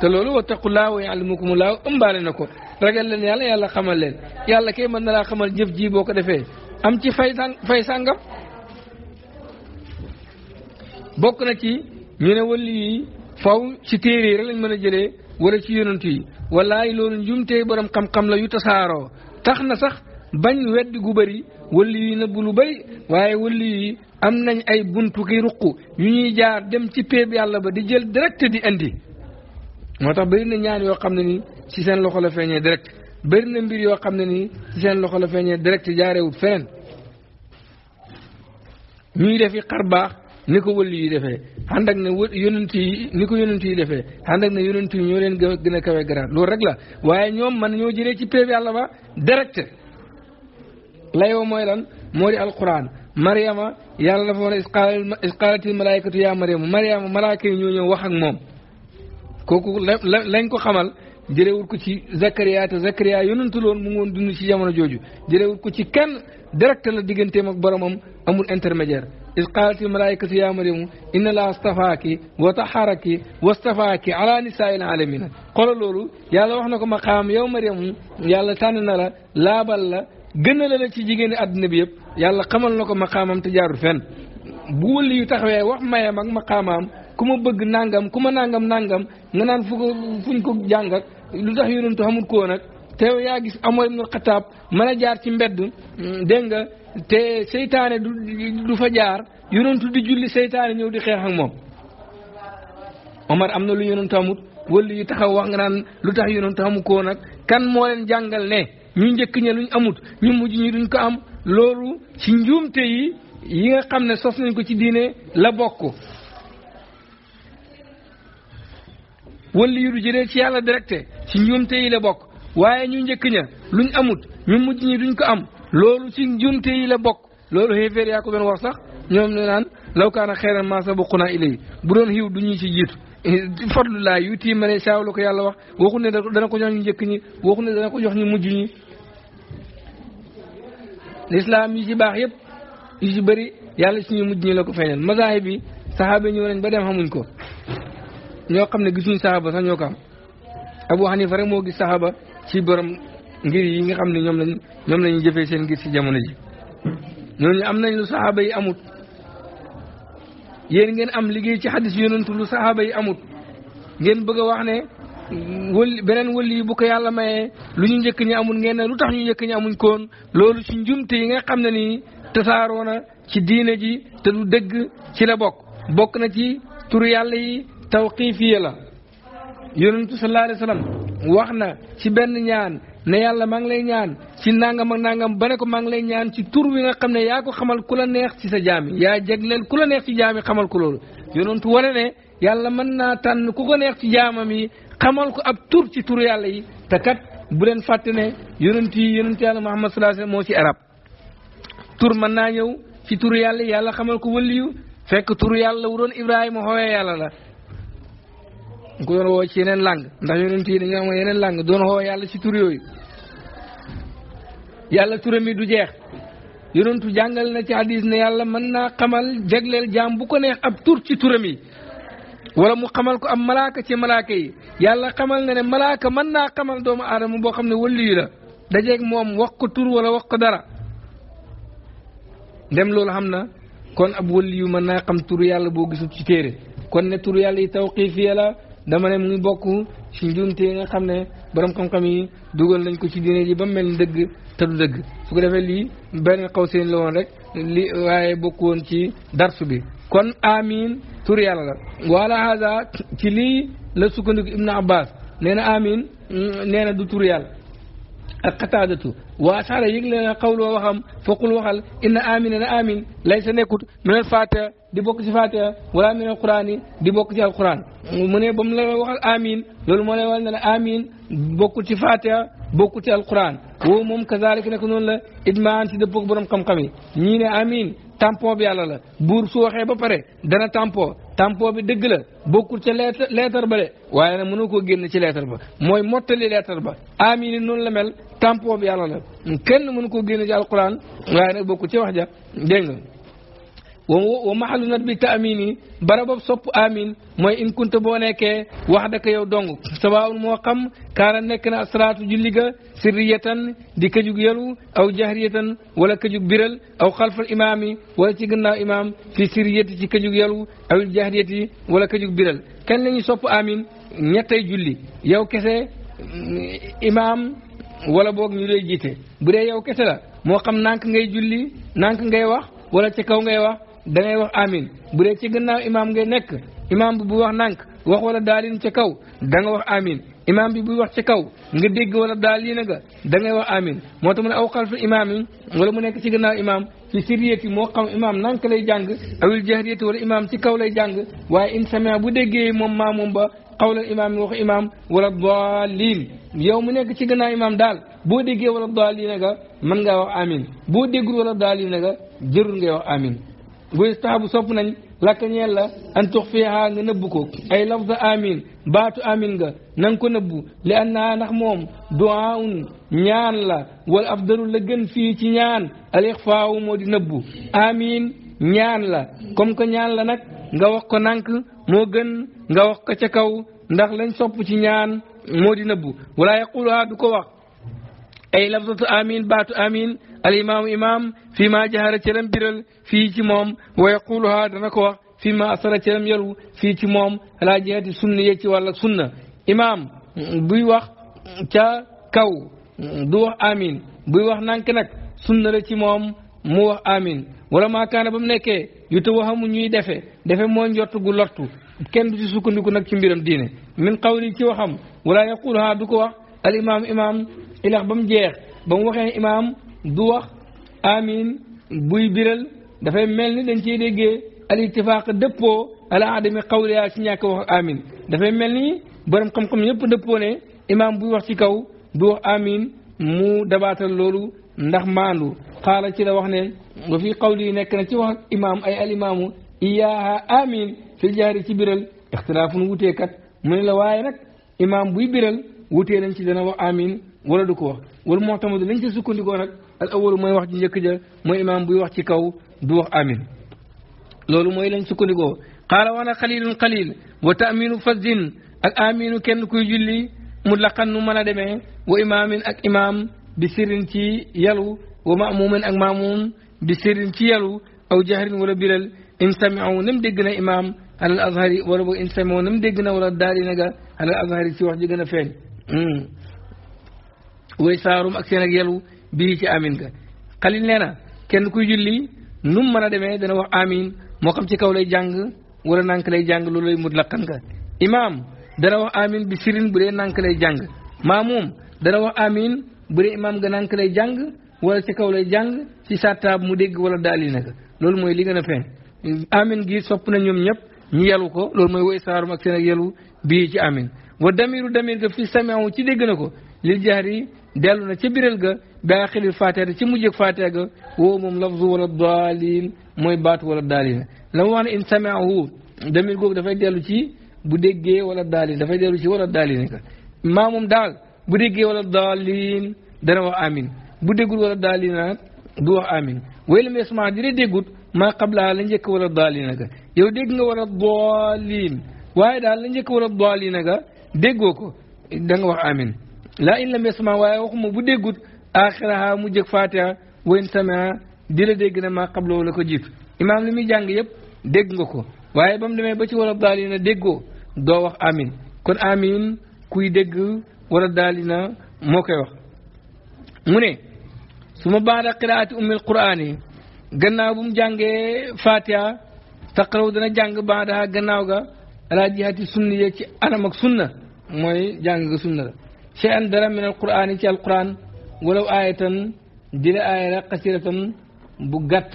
te loolu wattaqullah wa yaalimukumullah ëmbaale na ko ragal leen yàlla yàlla xamal leen yàlla ke mën na laa xamal jëf ji boo ko defee am ci fay fay sàngam bokk na ci ñu ne wali yi faw ci téere yi rek lañ mën a jëlee wala ci yonent yi walaay loolu njumtey borom xam-xam la yu tasaaroo tax na sax bañ weddi gu bari wali yi nëbbu lu bëri waaye wali yi am nañ ay bunt ki ruq yu ñuy jaar dem ci péeb yàlla ba di jël direct di indi moo tax bëri na ñaan yoo xam ne ni ci seen loxo la feeñee direct bëri na mbir yoo xam ne nii ci loxo la feeñee direct jaarewut feneen ñuy defi xar baax ni ko wëllu yi defee ànd ne yonent yi ni ko yonent yi defee ànd ak ne yonent yi ñoo leen gën a garaat loolu rek la waaye ñoom man ñoo jëlee ci péeb yàlla ba direct layoo mooy lan moo di alquran mariama yàlla dafa wax ne isqaalatil malaikatu yaa mariama mariama malaaka yi ñoo ñëw wax ak moom kooku la lañ ko xamal jëlewul ko ci Zakaria te Zakaria yonantu loon mu ngi woon dund ci jamono jooju jëlewul ko ci kenn direct la digganteem ak boromam amul intermédiaire إذ قالت الملائكة يا مريم إن الله اصطفاك وطهرك واصطفاك على نساء العالمين xoolal loolu yàlla wax na ko maqaam yow Mariam yàlla tànn na la laabal la gënal la ci jigéeni àdduna bi yëpp yàlla xamal na ko maqaamam te jaarul fenn bu wëli yu taxawee wax mayam ak maqaamaam ku ma bëgg nangam ku ma nangam nangam nga naan fu ko fuñ ko jàngat lu tax yonentu xamul koo nag te yaa gis Omar ibn Xataab mën a jaar ci mbedd mm, dégg nga te seytaane du du fa jaar yonentu di julli seytaane ñëw di xeex ak moom Omar am na lu yonentu amut wala yu taxaw wax nga naan lu tax yonentu amu koo nag kan moo leen jàngal ne ñu njëkk ña luñ amut ñu mujj ñi duñ ko am loolu ci njuumte yi yi nga xam ne sos nañ ko ci diine la bokk wala yu du jëlee ci yàlla directe ci njuumte yi la bokk waaye ñu njëkk ña luñ amut ñu mujj ñi duñ ko am loolu ci njumte yi la bokk loolu xéeféer yaa ko doon wax sax ñoom ne naan law kaana xeeran maa sabaqunaa bu doon xiw du ñu ci jiitu fadlulaa yu tii ma ne yàlla wax waxu ne dana ko jox ñu njëkk ñi waxu ne dana ko jox ñu mujj ñi lislaam yi ci baax yëpp yu ci bëri yàlla ci mujj ñi la ko feeñal mazaahib bi saxaaba ñëw nañ ba dem xamuñ ko ñoo xam ne gisuñ saxaaba sax ñoo ko am Abu Hanifa rek moo gis saxaaba ci borom ngir yi nga xam ne ñoom lañ ñoom lañu jëfee seen ngir ci jamono ji ñooñu am nañ lu saxaaba yi amut yéen ngeen am liggéey ci xadis yonentu lu saxaaba yi amut ngeen bëgg a wax ne wëli beneen wëli bu ko yàlla mayee lu ñu njëkk ñi amul ngeen lu tax ñu njëkk ñi amuñ koon loolu ci njumte yi nga xam ne nii tasaaroo ci diine ji te du dëgg ci la bokk bokk na ci tur yàlla yi tawqiifiya la yonentu sallallahu alayhi wax na ci benn ñaan ne yàlla maa ngi lay ñaan ci nangam ak nangam ba ne ko maa ngi lay ñaan ci tur wi nga xam ne yaa ko xamal ku la neex ci sa jaami yaa jagleel ku la neex ci jaami xamal ko loolu yonentu wane ne yàlla mën naa tànn ku ko neex ci jaamam yi xamal ko ab tur ci tur yàlla yi te kat bu leen fàtte ne yonent yi yonent yàlla Muhammad sallallahu moo ci arab tur mën naa ñëw ci tur yàlla xamal ko wëliyu fekk tur yàlla wu Ibrahima xooyee yàlla ku doon woo ci yeneen làng ndax yonent yi dañoo amoon yeneen làng doon woo yàlla ci tur yooyu yàlla turam yi du jeex yonentu jàngal na ci hadis na yàlla mën naa xamal jagleel jaam bu ko neex ab tur ci turam yi wala mu xamal ko am malaaka ci malaaka yi yàlla xamal na ne malaaka man naa xamal doomu aadama boo xam ne waliyu la dajeeg moom wax ko tur wala wax ko dara dem loolu xam na kon ab waliyu mën naa xam tur yàlla boo gisut ci téere kon ne tur yàlla yi tawqiifiya dama ne muy bokk ci njuumte yi nga xam ne borom xam-xam yi dugal nañ ko ci diine yi ba mu mel ni dëgg te du dëgg su ko defee lii benn xaw seen la woon waaye bokk woon ci darsu bi kon amin tur yàlla la wala haza ci li la sukkandiku ibnu abbas nee na amin mm, nee na du tur yàlla ak xataadatu waa saara yëg la xawlu waxam foqul waxal inna amin na amin lay sa nekkut minal fatiha di bok ci fatiha wala min alquran di bok ci alquran mu ne bam la waxal amin lolou mo lay wal na amin bokkul ci fatiha bokkul ci alquran woo moom kazalik nek non la idmaan si dëppoo borom xam-xam ni ne amin tampon bi yàlla la buur su waxe ba pare dana tampo tampo bi deug la bokul ci lettre lettre ba le waye na mënoo ko génn ci lettre ba moy motali lettre ba amin non la mel tampo bi yàlla la kenn mënu ko génn ci alquran waye na bokul ci wax ja dégg wa mahalu nat bi taamin yi boobu sopp amin mooy in kunta boo nekkee wax daka yow dong sabaawun moo xam kaana nekk na asalaatu julliga ga sirriyatan di kajug yalu aw jahriyatan wala këjug biral aw xalfal imaam yi wala ci gannaaw imaam fi sirriyati ci këjug yalu aw jahriyati wala këjug biral kenn lañu sopp amin ñettay julli yow kese mm, imaam wala boog ñu lay jiite bu dee yow kese la moo xam nànk ngay julli nànk ngay wax wala ci kaw ngay wax dangay wax amin bu dee ci gannaaw imaam ngay nekk imaam bi bu wax nànk wax wala daalin ca kaw da nga wax amin imaam bi buy wax ci kaw nga dégg wala daal lii na nga wax amin moo tax mu ne aw xalfa wala mu nekk ci imam imaam ci siriyati moo xam imaam nank lay jàng awil jahriyati wala imaam ci kaw lay jàng waaye in samia bu déggee moom maa moom ba xawla imaam yi wax imaam wala daalin yow mu nekk ci gannaaw imaam daal boo déggee wala daalin na nga mën ngaa wax amin boo déggul wala daalin na nga jërul ngay bu istaabu sopp nañ lakk ñeel la an tux fiha nga nëbb ko ay lafza amin baatu amin nga na nga ko nëbbu li annaha ndax moom duaun ñaan la wal afdalu la gën fii ci ñaan al ixfaawu moo di nëbbu amin ñaan la comme que ñaan la nag nga wax ko nànk moo gën nga wax ko ca kaw ndax lañ sopp ci ñaan moo di nëbbu wala yaquluha du ko wax ay lafzatu amin baatu amin alimaam imaam fii maa jaxara ci lam biral fii ci moom wa yaquluha dana ko wax fii ma asara ci lam yalu fii ci moom alaa jihati sunna ye ci wàlla sunna imaam buy wax ca kaw du wax amin buy wax nànk nag sunna la ci moom mu wax amin wala maa kaana ba mu nekkee yu ta waxamu ñuy defe defe mooy njott gu lottu kenn du ci sukkandiku nag ci mbiram diine min qawli ci waxam wala yaquluha du ko wax al imaam imaam ilax ba mu jeex ba mu waxee imaam du wax amin buy biral dafay mel ni dañ ciy déggee al ittifaq dëppoo ala adami qawliya ci ñàkk wax amin dafay mel ni borom xam-xam yëpp dëppoo ne imaam buy wax ci kaw du wax amin mu dabaatal loolu ndax maandu xaala ci la wax ne wa fi qawli nekk na ci wax imaam ay al imaamu iyaaha amin fil jaari ci biral ixtilaafun wutee kat mu ne la waaye nag imaam buy biral wutee nañ ci dana wax amin wala du ko wax wala muxtamadu lañ ci sukkandikoo nag al mooy wax ji njëkk ja mooy imaam wax ci kaw du wax amin loolu mooy lañ sukkandikoo qaala wana xalilun xalil wa taaminu fasdin ak aminu kenn kuy julli mu laqan nu mën a demee wa imaamin ak imaam bi sirrin ci yalu wa mamumin ak mamuum bi sirrin ci yalu aw jahrin wala biral in samiu nam dégg na imaam alal azhari wala boog in samiu nam dégg na wala daari na ga azhari si wax di gën a feeñ hmm. way saarum ak seen yalu bi ci amin ga xalil nee kenn kuy julli num mana deme dana wax amin mo xam ci kaw lay jang wala nank lay jang lu lay mutlaqan ga imam dana wax amin bi sirin bu re nank lay jang mamum dana wax amin bu re imam ga nank lay jang wala ci kaw lay jang ci sàttaab mu deg wala dalina ga lolou moy li gëna a amin gi sopp na ñom ñep ñu yelu ko lolou moy way saaru mak seen ak yelu bi ci amin wa damiru damir ga fi samiahu ci deg na ko lil jahri دلنا تبرلغ داخل الفاتحة تمجيك فاتحة ومم لفظ ولا الضالين موي بات ولا الدالين لو أنا إن سمعه دمير قوك دفاك ديالو تي بديك ولا الدالين دفاك ديالو تي ولا الدالين ما مم دال بديك ولا الدالين دنوا آمين بديك ولا الدالين دوا آمين ويلم يسمع ديري ديكوت ما قبلها لنجك ولا الضالين يو ديكنا ولا الضالين وايد لنجك ولا الضالين ديكوكو دنوا آمين laa in lam yasma waaye waxuma bu déggut axiraha mu jëg fatiha wa in samia dila dégg na maa xabloo ko jiitu imaam li muy jàng yëpp dégg nga ko waaye ba mu demee ba ci wala daalina déggoo doo wax amin kon amin kuy dégg wala daalina moo koy wax mu ne su baada qiraati ummil quraan gannaaw bu mu jàngee fatiha taqaraw dana jàng baadaha gannaaw ga ala jihati sunni ci anam sunna mooy jàng ga sunna la cheyan dara min alquran yi ci alquran walaw aayatan di la aaya la xasiratan bu gàtt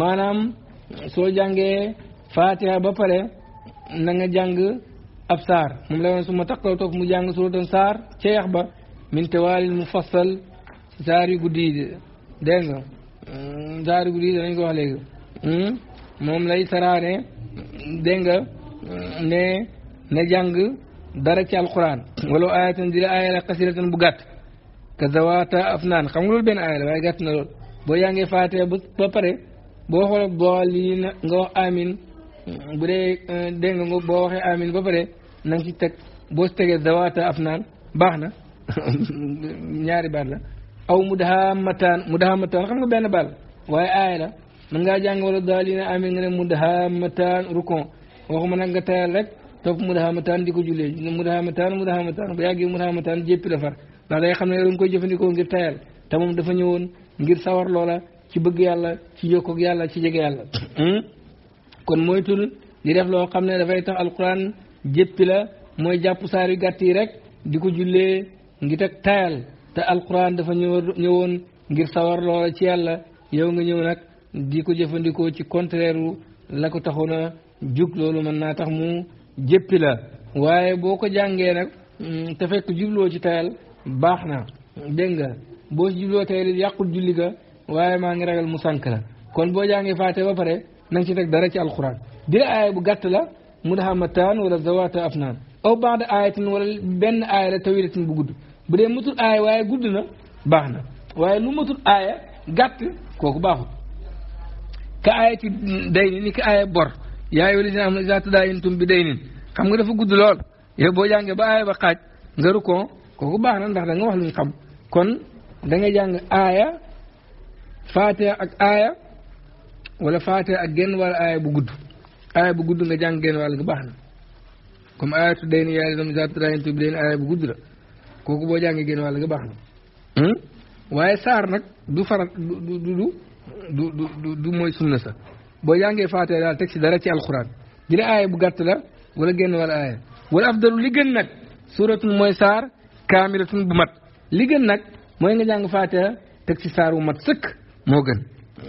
maanaam soo jàngee fatiha ba pare na nga jàng ab saar moom la woon su ma taqaloo toog mu jàng suratan saar ca yax ba min tawaalil mufassal saar yu guddi yi dégg nga mm, saar yu guddi yi danañ ko wax léegi mm, moom lay saraane dégg nga mm, ne na jàng dara ci alquran wala ayatan di la aaya la xasiratan bu gàtt ka zawaata afnaan xam nga loolu benn aaya la waaye gàtt na lool boo jàngee faatee ba pare boo xoolee boolina nga wax amin bu dee euh, nga boo waxee amin ba pare na ci teg boo si tegee zawaata afnaan baax na ñaari baat la aw mudhaamataan mudhaamataan xam nga benn baal waaye aaya la mën ngaa jàng wala daalina amin nga ne mudhaamataan rukon waxuma nag nga tayal rek topp mudahamataan di ko jullee mudahamataan mudahamataan bu yàggee mudahamataan jéppi la far ndax day xam ne dañ koy jëfandikoo ngir te moom dafa ñëwoon ngir sawar ci bëgg yàlla ci jokkoog yàlla ci jege yàlla hmm? kon moytul di loo xam ne dafay tax alquran jéppi la mooy jàpp saar yu yi rek di ko jullee ngir teg tayal te alquran dafa ñëwoon ngir sawar loola ci yàlla yow nga ñëw nag di ko jëfandikoo ci contraire la ko taxoon a jug loolu mën naa tax mu jéppi la waaye boo ko jàngee nag mm, te fekk jubloo ci tayal baax na dégg nga boo ci jubloo tayal it yàqul julli ga waaye maa ngi ragal mu sànk la kon boo jàngee faate ba pare na nga ci teg dara ci alquran bi aaya bu gàtt la mudhamataan wala zawaata afnaan aw baada aayatin wala benn aaya la tawilatin bu gudd bu dee matul aaya waaye gudd na baax na waaye lu matul aaya gàtt kooku baaxut ka aaya ci day ni ni ka aaya bor yaa ayyuhal lazina aamanu izaa tadayantum bi daynin xam nga dafa gudd lool yow boo jàngee ba aaya ba xaaj nga rukkoon kooku baax na ndax da nga wax luñ xam kon da nga jàng aaya faate ak aaya wala faate ak genn wala aaya bu gudd aaya bu gudd nga jàng genn wàll nga baax na comme aayatu dayni yaa ayyuhal lazina bu gudd la kooku boo jàngee genn walla nga baax na hmm? waaye saar nag du farat du du du du du mooy sunna sa boo jàngee faatee daal teg si dara ci alxuraan ñu ne aaya bu gàtt la wala génn wala aaya wala afdalu li nag suuratun mooy saar kaamilatun bu mat li nag mooy nga jàng faatee teg si saar bu mat sëkk moo gën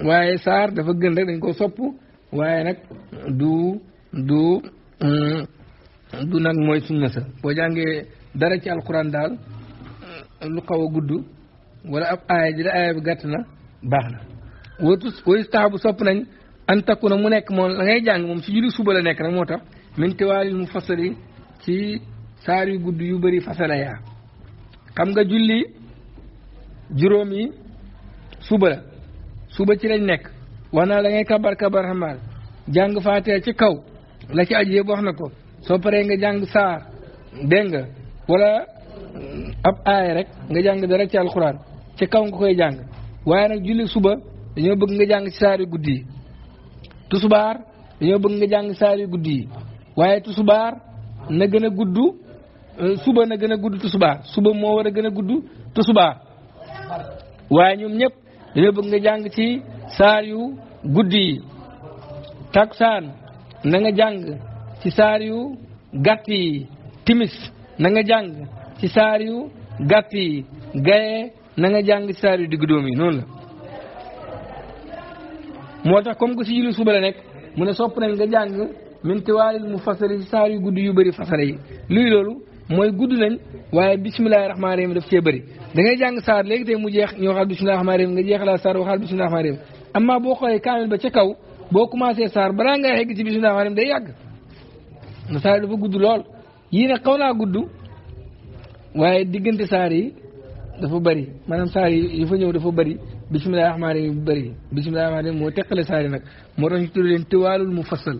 waaye saar dafa gën rek dañ koo sopp waaye nag du du mm, nag mooy sunna sa boo jàngee dara ci daal mm, lu xaw a gudd wala ab aaya ji la aaya bi gàtt baax na wootu woyu sopp nañ an takku na mu nekk moom la ngay jàng moom si julli suba la nekk nag moo tax min tiwaalil mu fasali si saar guddi yu bëri fasala yaa nga julli juróom yi suba la suba ci lañ nekk wax naa la ngay kabar kabar xamaal jàng ci kaw la ci aj wax na ko soo paree nga jàng saar dégg nga wala mm, ab aaya rek nga jàng dara ci alxuraan ci kaw nga koy jàng waaye nag julli suba dañoo bëgg nga jàng ci saar guddi yi tusubaar dañoo bëgg nga jàng saar guddi yi waaye tusubaar na gën a gudd euh, suba na gën a gudd tusubaar suba moo war a gën a gudd tusubaar waaye ñoom ñëpp dañoo bëgg nga jàng ci saar yu guddi yi taksaan na nga jàng ci saar yu gàtt yi timis na nga jàng ci saar yu gàtt yi gaye na nga jàng ci saar yu digg doom yi noonu la moo tax comme que si julli suba nekk mu ne sopp nañ nga jàng min tiwaalil mu fasari saar yu gudd yu bëri fasara yi luy loolu mooy gudd nañ waaye bisimilahi rahmaani rahim daf cee bëri da ngay jàng saar léegi tey mu jeex ñu waxaat bisimilahi rahmaani rahim nga jeexalaat saar waxaat bisimilahi rahmaani rahim amma boo xoolee kaamil ba ca kaw boo commencé saar balaa ngaa yegg ci bisimilahi rahmaani rahim day yàgg nga saar dafa gudd lool yii nag xaw naa gudd waaye diggante saar yi dafa bëri maanaam saar yi yu ñëw dafa bëri bisimilah rahmaan rahim bu bëri bisimilah rahmaan rahim moo teqale saari nag moo tax ñu tudd fasal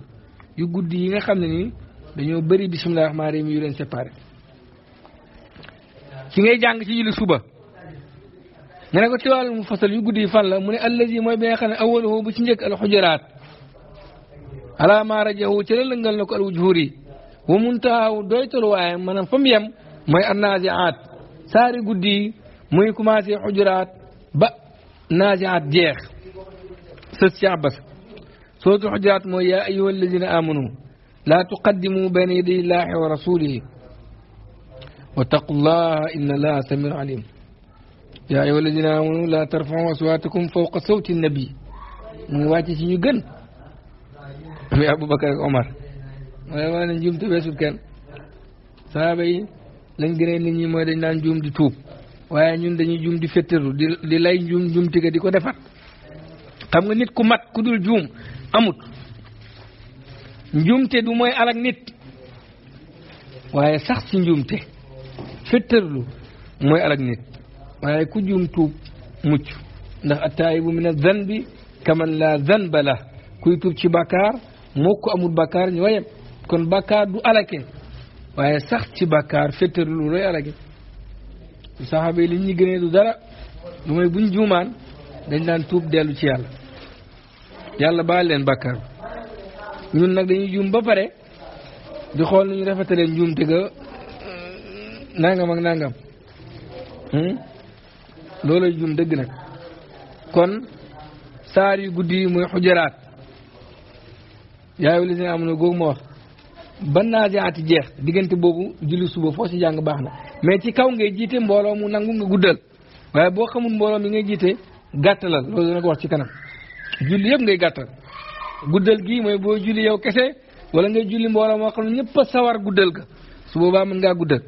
yu gudd yi nga xam ne nii dañoo bëri bisimilah rahmaan rahim yu leen séparé ci ngay jàng ci julli suba nga ne ko tiwaalul mu fasal yu gudd yi fan la mu ne allazi mooy bi nga xam ne awaluhu bu ci njëkk alxujuraat ala maa rajahu ci la lëngal na ko alwujhuur yi wa muntahaaw doytal waaye maanaam fa mu yem mooy annaaziaat saari guddi yi muy commencé xujuraat ناجع الديخ سس يعبس سورة الحجرات مو يا أيها الذين آمنوا لا تقدموا بين يدي الله ورسوله واتقوا الله إن الله سميع عليم يا أيها الذين آمنوا لا ترفعوا أصواتكم فوق صوت النبي مواتي سي يغن يا أبو بكر وعمر يا وانا جمت كان صحابي لنجرين لنجي مو دي نان waaye ñun dañuy juum di fettirlu di di lay juum juumti ga di ko defar xam nga nit ku mat ku dul juum amut njuumte du mooy alak nit waaye sax ci njuumte fettirlu mooy alak nit waaye ku juum tuub mucc ndax attaayibu min azanbi kaman la zanba la kuy tuub ci bàkkaar moo ko amul bàkkaar ñu kon bàkkaar du alake waaye sax ci bàkkaar fettirlu roy alake saxaaba yi li ñuy gënee du dara lu mooy buñ juumaan dañ daan tuub dellu ci yàlla yàlla baal leen bàkkaar bi ñun nag dañuy juum ba pare di xool ni ñu rafetalee njuumte ga
mm,
nangam ak nangam hmm? loolay juum dëgg nag kon saar yu guddi yi muy xujaraat yaayu li si am na googu ma wax ban naa jeex diggante boobu julli suba foo si jàng baax na mais ci kaw ngay jiite mbooloo mu nangu nga guddal waaye boo xamul mbooloo mi ngay jiite gàttalal loolu dana ko wax ci kanam julli yëpp ngay gàttal guddal gii mooy boo julli yow kese wala ngay julli mbooloo moo xam ne ñëpp a sawar guddal ga su boobaa mën ngaa guddal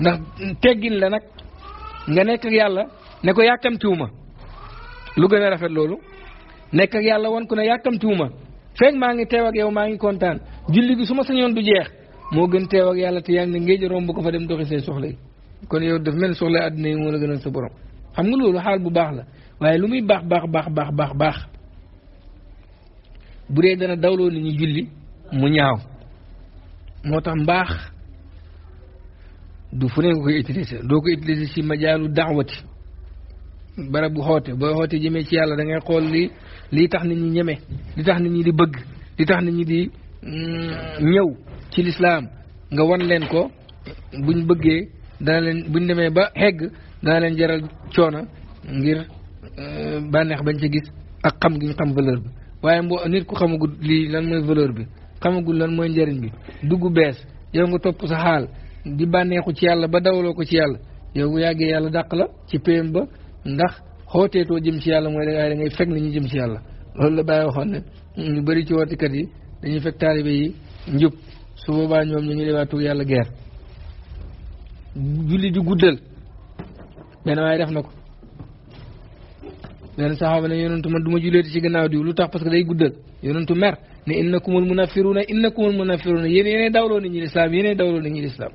ndax teggin la nag nga nekk ak yàlla ne ko yàkkamtiwuma lu gën a rafet loolu nekk yàlla wan ko ne yàkkamtiwuma feeg maa ngi teew ak yow maa ngi kontaan julli gi su ma sañoon du jeex moo gën teew ak yàlla te yaa ngi ne ngéej romb ko fa dem doxi say soxla yi kon yow daf mel soxla àddina yi moo la gënal sa borom xam nga loolu xaal bu baax la waaye lu muy baax baax baax baax baax baax bu dee dana dawloo ni ñu julli mu ñaaw moo tax mbaax du fu ne nga koy utiliser doo ko utiliser si majaalu daawati bu xoote booy xoote jëmee ci yàlla da ngay xool li lii tax nit ñi ñeme li tax nit ñi di bëgg li tax nit ñi di mm, ñëw ci lislaam nga wan leen ko bu ñu bëggee dana leen buñ demee ba xegg dana leen jaral coono ngir euh, bànneex bañ ca gis ak xam gi ñu xam valeur bi waaye mbo nit ku xamagul lii lan mooy valeur bi xamagul lan mooy njëriñ bi dugg bees yow nga topp sa xaal di bànneexu ci yàlla ba dawaloo ko ci yàlla yow bu yàggee yàlla dàq la ci péem ba ndax xooteetoo jëm ci yàlla mooy da ngay fekk li ñu jëm ci yàlla loolu la bàyyi waxoon ne ñu bari ci wootikat yi dañuy fekk taalibe yi su boobaa ñoom ñu ngi lewaatu yàlla guerre julli di guddal benn waaye def na ko benn saxaaba ne yonentu man du ma julleeti ci gannaaw diw lu tax parce que day guddal yonentu mer ne innakumul munafiruuna innakumul munafiruuna yéen yéenay dawloo nit ñi lislaam yéenay dawloo nit ñi lislaam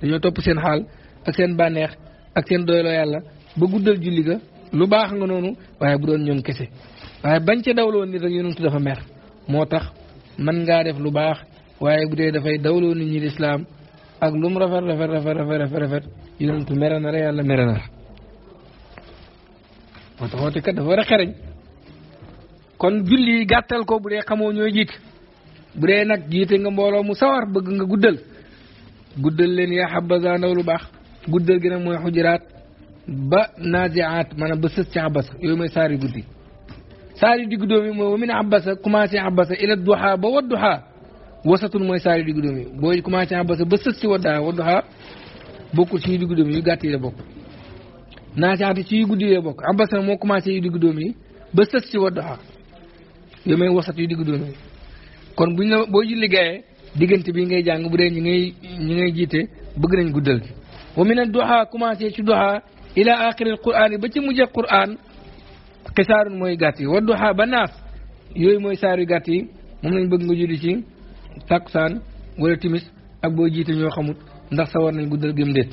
dañoo topp seen xaal ak seen bànneex ak seen doyloo yàlla ba guddal julli ga lu baax nga noonu waaye bu doon ñoom kese waaye bañ ca dawloo nit rek yonentu dafa moo tax mën ngaa waaye bu dee dafay dawloo nit ñi lislaam ak lum rafet rafet rafet rafet rafet yonentu mere na la yàlla mere na la moo tax kat dafa war a xereñ kon julli gàttal ko bu dee xamoo ñooy jiite bu dee nag jiite nga mbooloo mu sawar bëgg nga guddal guddal leen yaa xabaza ndaw lu baax guddal gi nag mooy xujuraat ba naziaat maanaam ba sës ci xabasa yooyu mooy saari guddi saari diggu dóomi mooy wa min abasa commencé abasa ila duha ba wa duha wasatul mooy saa yu diggu dóom yi booy commencé abasa ba sës si waddaa wadduha bokkul si yu diggu dóom yi yu gàtt yi la bokk naasiati ci yu guddi yi la bokk moo commencé yu diggu ba sës si wadduha yooyu mooy kon buñ la boo julli gaye diggante bi ngay jàng bu dee ñi ngay ñi ngay jiite bëgg nañ guddal gi wa min ad-duha commencé ci duha ila axiril quraan ba ci mujj quraan xisaarun mooy gàtt yi wa duha naas yooyu mooy saar yu gàtt yi moom nañ bëgg nga julli ci takkusaan wala timis ak boo jiite ñoo xamut ndax sawar nañ guddal gëm déet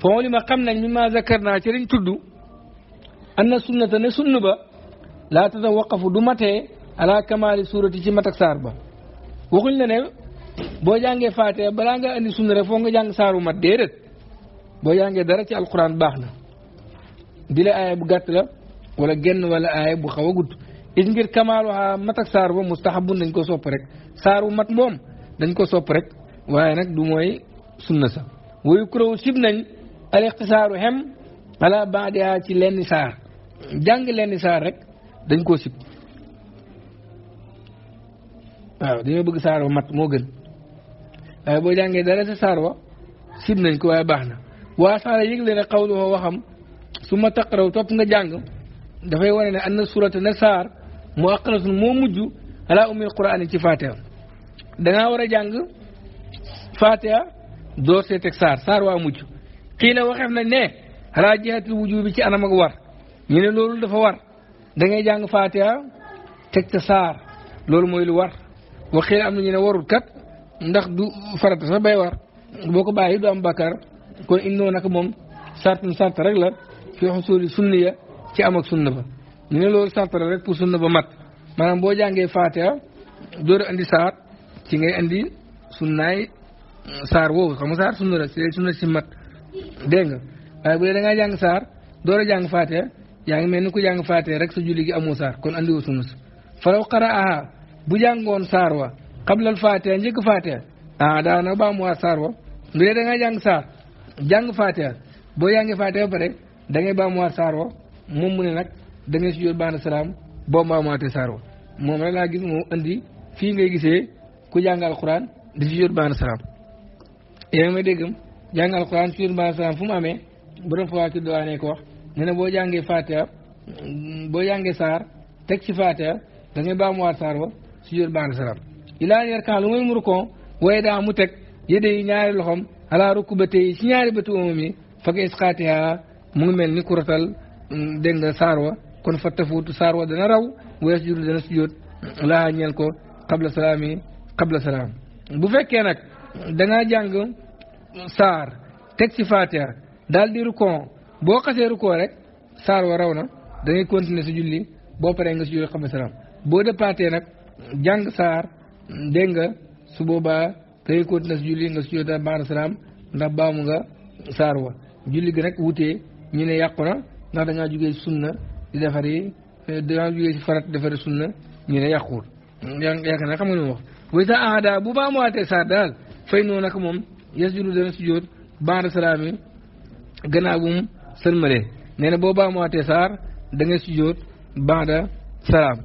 foo li ma xam nañ mi ma zakar naa ci liñ tudd an na sunnata ne sunn ba laa tata waqafu du matee ala kamaali suurati ci matak saar ba waxuñ la ne boo jàngee faatee balaa nga andi sunna rek foo nga jàng saaru mat déedéet boo jàngee dara ci alquran baax na bi la aaya bu gàtt la wala genn wala aaya bu xaw a gudd is ngir kamaaluha mat ak saar ba mustahabun dañ koo sopp rek saaru mat moom dañ koo sopp rek waaye nag du mooy sunna sa wayu kuréw sib nañ al ixtisaaru xem ala baadiha ci lenn saar jàng lenn saar rek dañ koo sib waaw bëgg saar wa mat moo gën boo jàngee dara sa saar sib nañ ko waaye baax na waa saara yëgle ne xawlu waxam su ma taqaraw topp nga jàng dafay wane ne an saar mu aqalatun moo mujj ala umil quraan ci fatiha dangaa war a jàng fatiha door see teg saar saar waa mujj xii la waxeef na ne alaa jihatil wujubi ci anam ak war ñu ne loolu dafa war da jàng fatiha teg ca saar loolu mooy lu war waxee am na ñu ne warul kat ndax du farata sax bay war boo ko bàyyi du am bakkaar kon indoo moom sartun sart rek la fi xusuuli sunniya ci am ak sunna ba ñu ne loolu sampare rek pour sunna ba mat maanaam boo jàngee fatiha andi sar ci ngay andi sunnay euh, sar wo xam sar sunna rek si sunna ci mat deng ay bu da nga jang sar door a fatiha ngi ku jang fatiha rek sa julli gi amu sar kon andi wo sunna si faraw qara'aha bu jangon sar wa qablal fatiha njëkk fatiha ah ba mu sar wa bu da nga jang sar jang fatiha bo fatiha ba pare da ngay mu sar wa mom mu ne nak da ngay sujjóot ba'da salaam boo maamuwaatee saar wa moom rek laa gis moo andi fii ngay gisee ku jàng alquran di sujjóot ba'da salaam yaa ngi déggam jàng alquran sujjóot ba'da salaam fu mu amee borom Fawaakih ko wax ne ne boo jàngee Fatiha boo jàngee saar teg ci Fatiha da ngay baamuwaat saar wa sujjóot ba'da salaam ilaa yarkan lu muy murkoon waaye daa mu teg yéde yi ñaari loxom ala rukubate yi ci ñaari bëtu omam yi fag isqaatiha mu ngi mel ni kuratal mm, dégg nga saar kon fa tafuutu saar wa dana raw wees juru dana sujjóot laa ñeel ko qabla salaam yi qabla salaam bu fekkee nag da ngaa jàng teg ci faatiha daal di rukon boo xasee rukon rek raw na da continuer su julli boo paree nga sujjóot qabla salaam boo déppaatee nag jàng saar dégg nga su boobaa da ngay continuer su julli nga sujjóot ba'da salaam ndax baamu nga saar wa julli gi nag wutee ñu ne yàqu na ndax da ngaa jugee sunna di defaree dinaa jógee ci farat defare sunna ñu ne yàquwul yaakaar naa xam nga nu wax wa sa ahada bu baa muwaatee saa daal fay noonu nag moom yes julu dana si jóot baada salaami gannaaw bu mu sëlmalee nee na boo baa muwaatee saar da nga si jóot baada salaam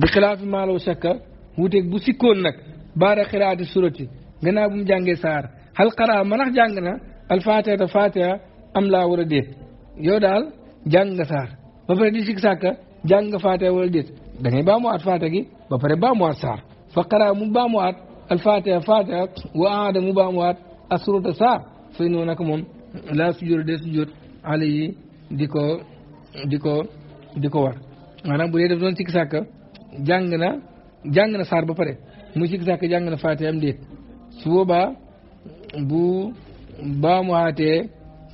bi xilaafi maalaw shakka wuteeg bu sikkoon nag baada xiraati surati gannaaw bu mu jàngee saar xal xaraa manax jàng na alfatiha te fatiha am laa war a déet yow daal jàng nga saar ba pare di sik sàkka jàng nga faatiha wala déet da ngay baamuwaat faatiha gi ba pare baamuwaat saar fa qaraa mu baamuwaat alfaatiha faatiha wa aada mu baamuwaat asruta saar fay noo naka moom laa sujjóot dee sujjóot ale yi di ko di ko di ko war maanaam bu dee def doon sik sàkka jàng na jàng na saar ba pare mu sik sàkka jàng na faatiha am déet su boobaa bu baamuwaatee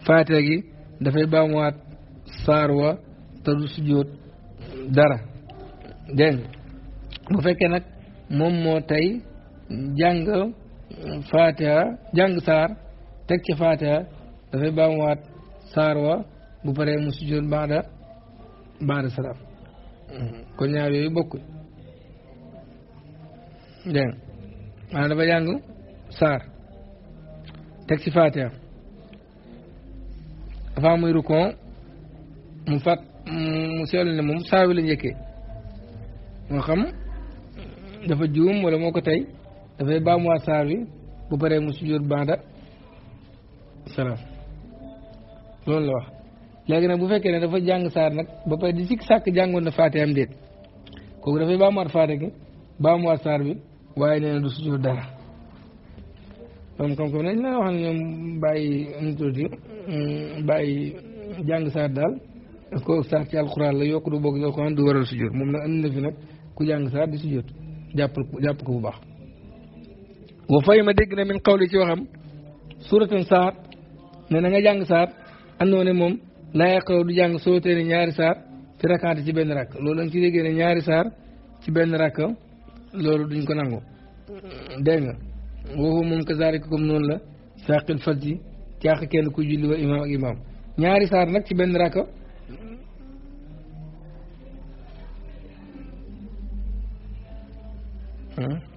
faatiha gi dafay baamuwaat saar wa te du sujjóot dara dégg bu fekkee nag moom moo tey jàng euh, fatiha jàng saar teg ci fatiha dafay baamuwaat saar wa bu paree mu sujjóot baada baada salaam kon ñaar yooyu bokkul dégg maanaam dafa jàng saar teg ci fatiha avant muy rukon mu fat Mm, mu seetlu ne moom saawi la njëkkee moo xam dafa juum wala moo ko tey dafay baamuwaat saawi bu paree mu sujjóot baada salaam loolu la wax léegi nag bu fekkee ne dafa jàng saar nag ba pare di sikk sàkk jàngoon na faate am déet kooku dafay baamuwaat faate gi baamuwaat saar bi waaye nee na du sujjóot dara donc comme comme nañ la wax ne ñoom bàyyi am tuuti mm, bàyyi jàng saar daal daf ko ci alxuraan la yokk du bokk ci alxuraan du waral sujjóot moom nag andi na fi nag ku jàng sax di sujjóot jàppal jàpp ko bu baax wa fay ma dégg na min la ci waxam suratan saar ne na nga jàng saar andoo moom laa xaw du jàng soo ne ñaari saar fi ci benn rakk loolu dañ ci déggee ñaari saar ci benn rakk loolu duñ ko nangu dégg nga woofu moom kazaalika comme noonu la saqil fas yi caax kenn ku julli wa imaam ak imaam ñaari saar nag ci benn rakk Hmm?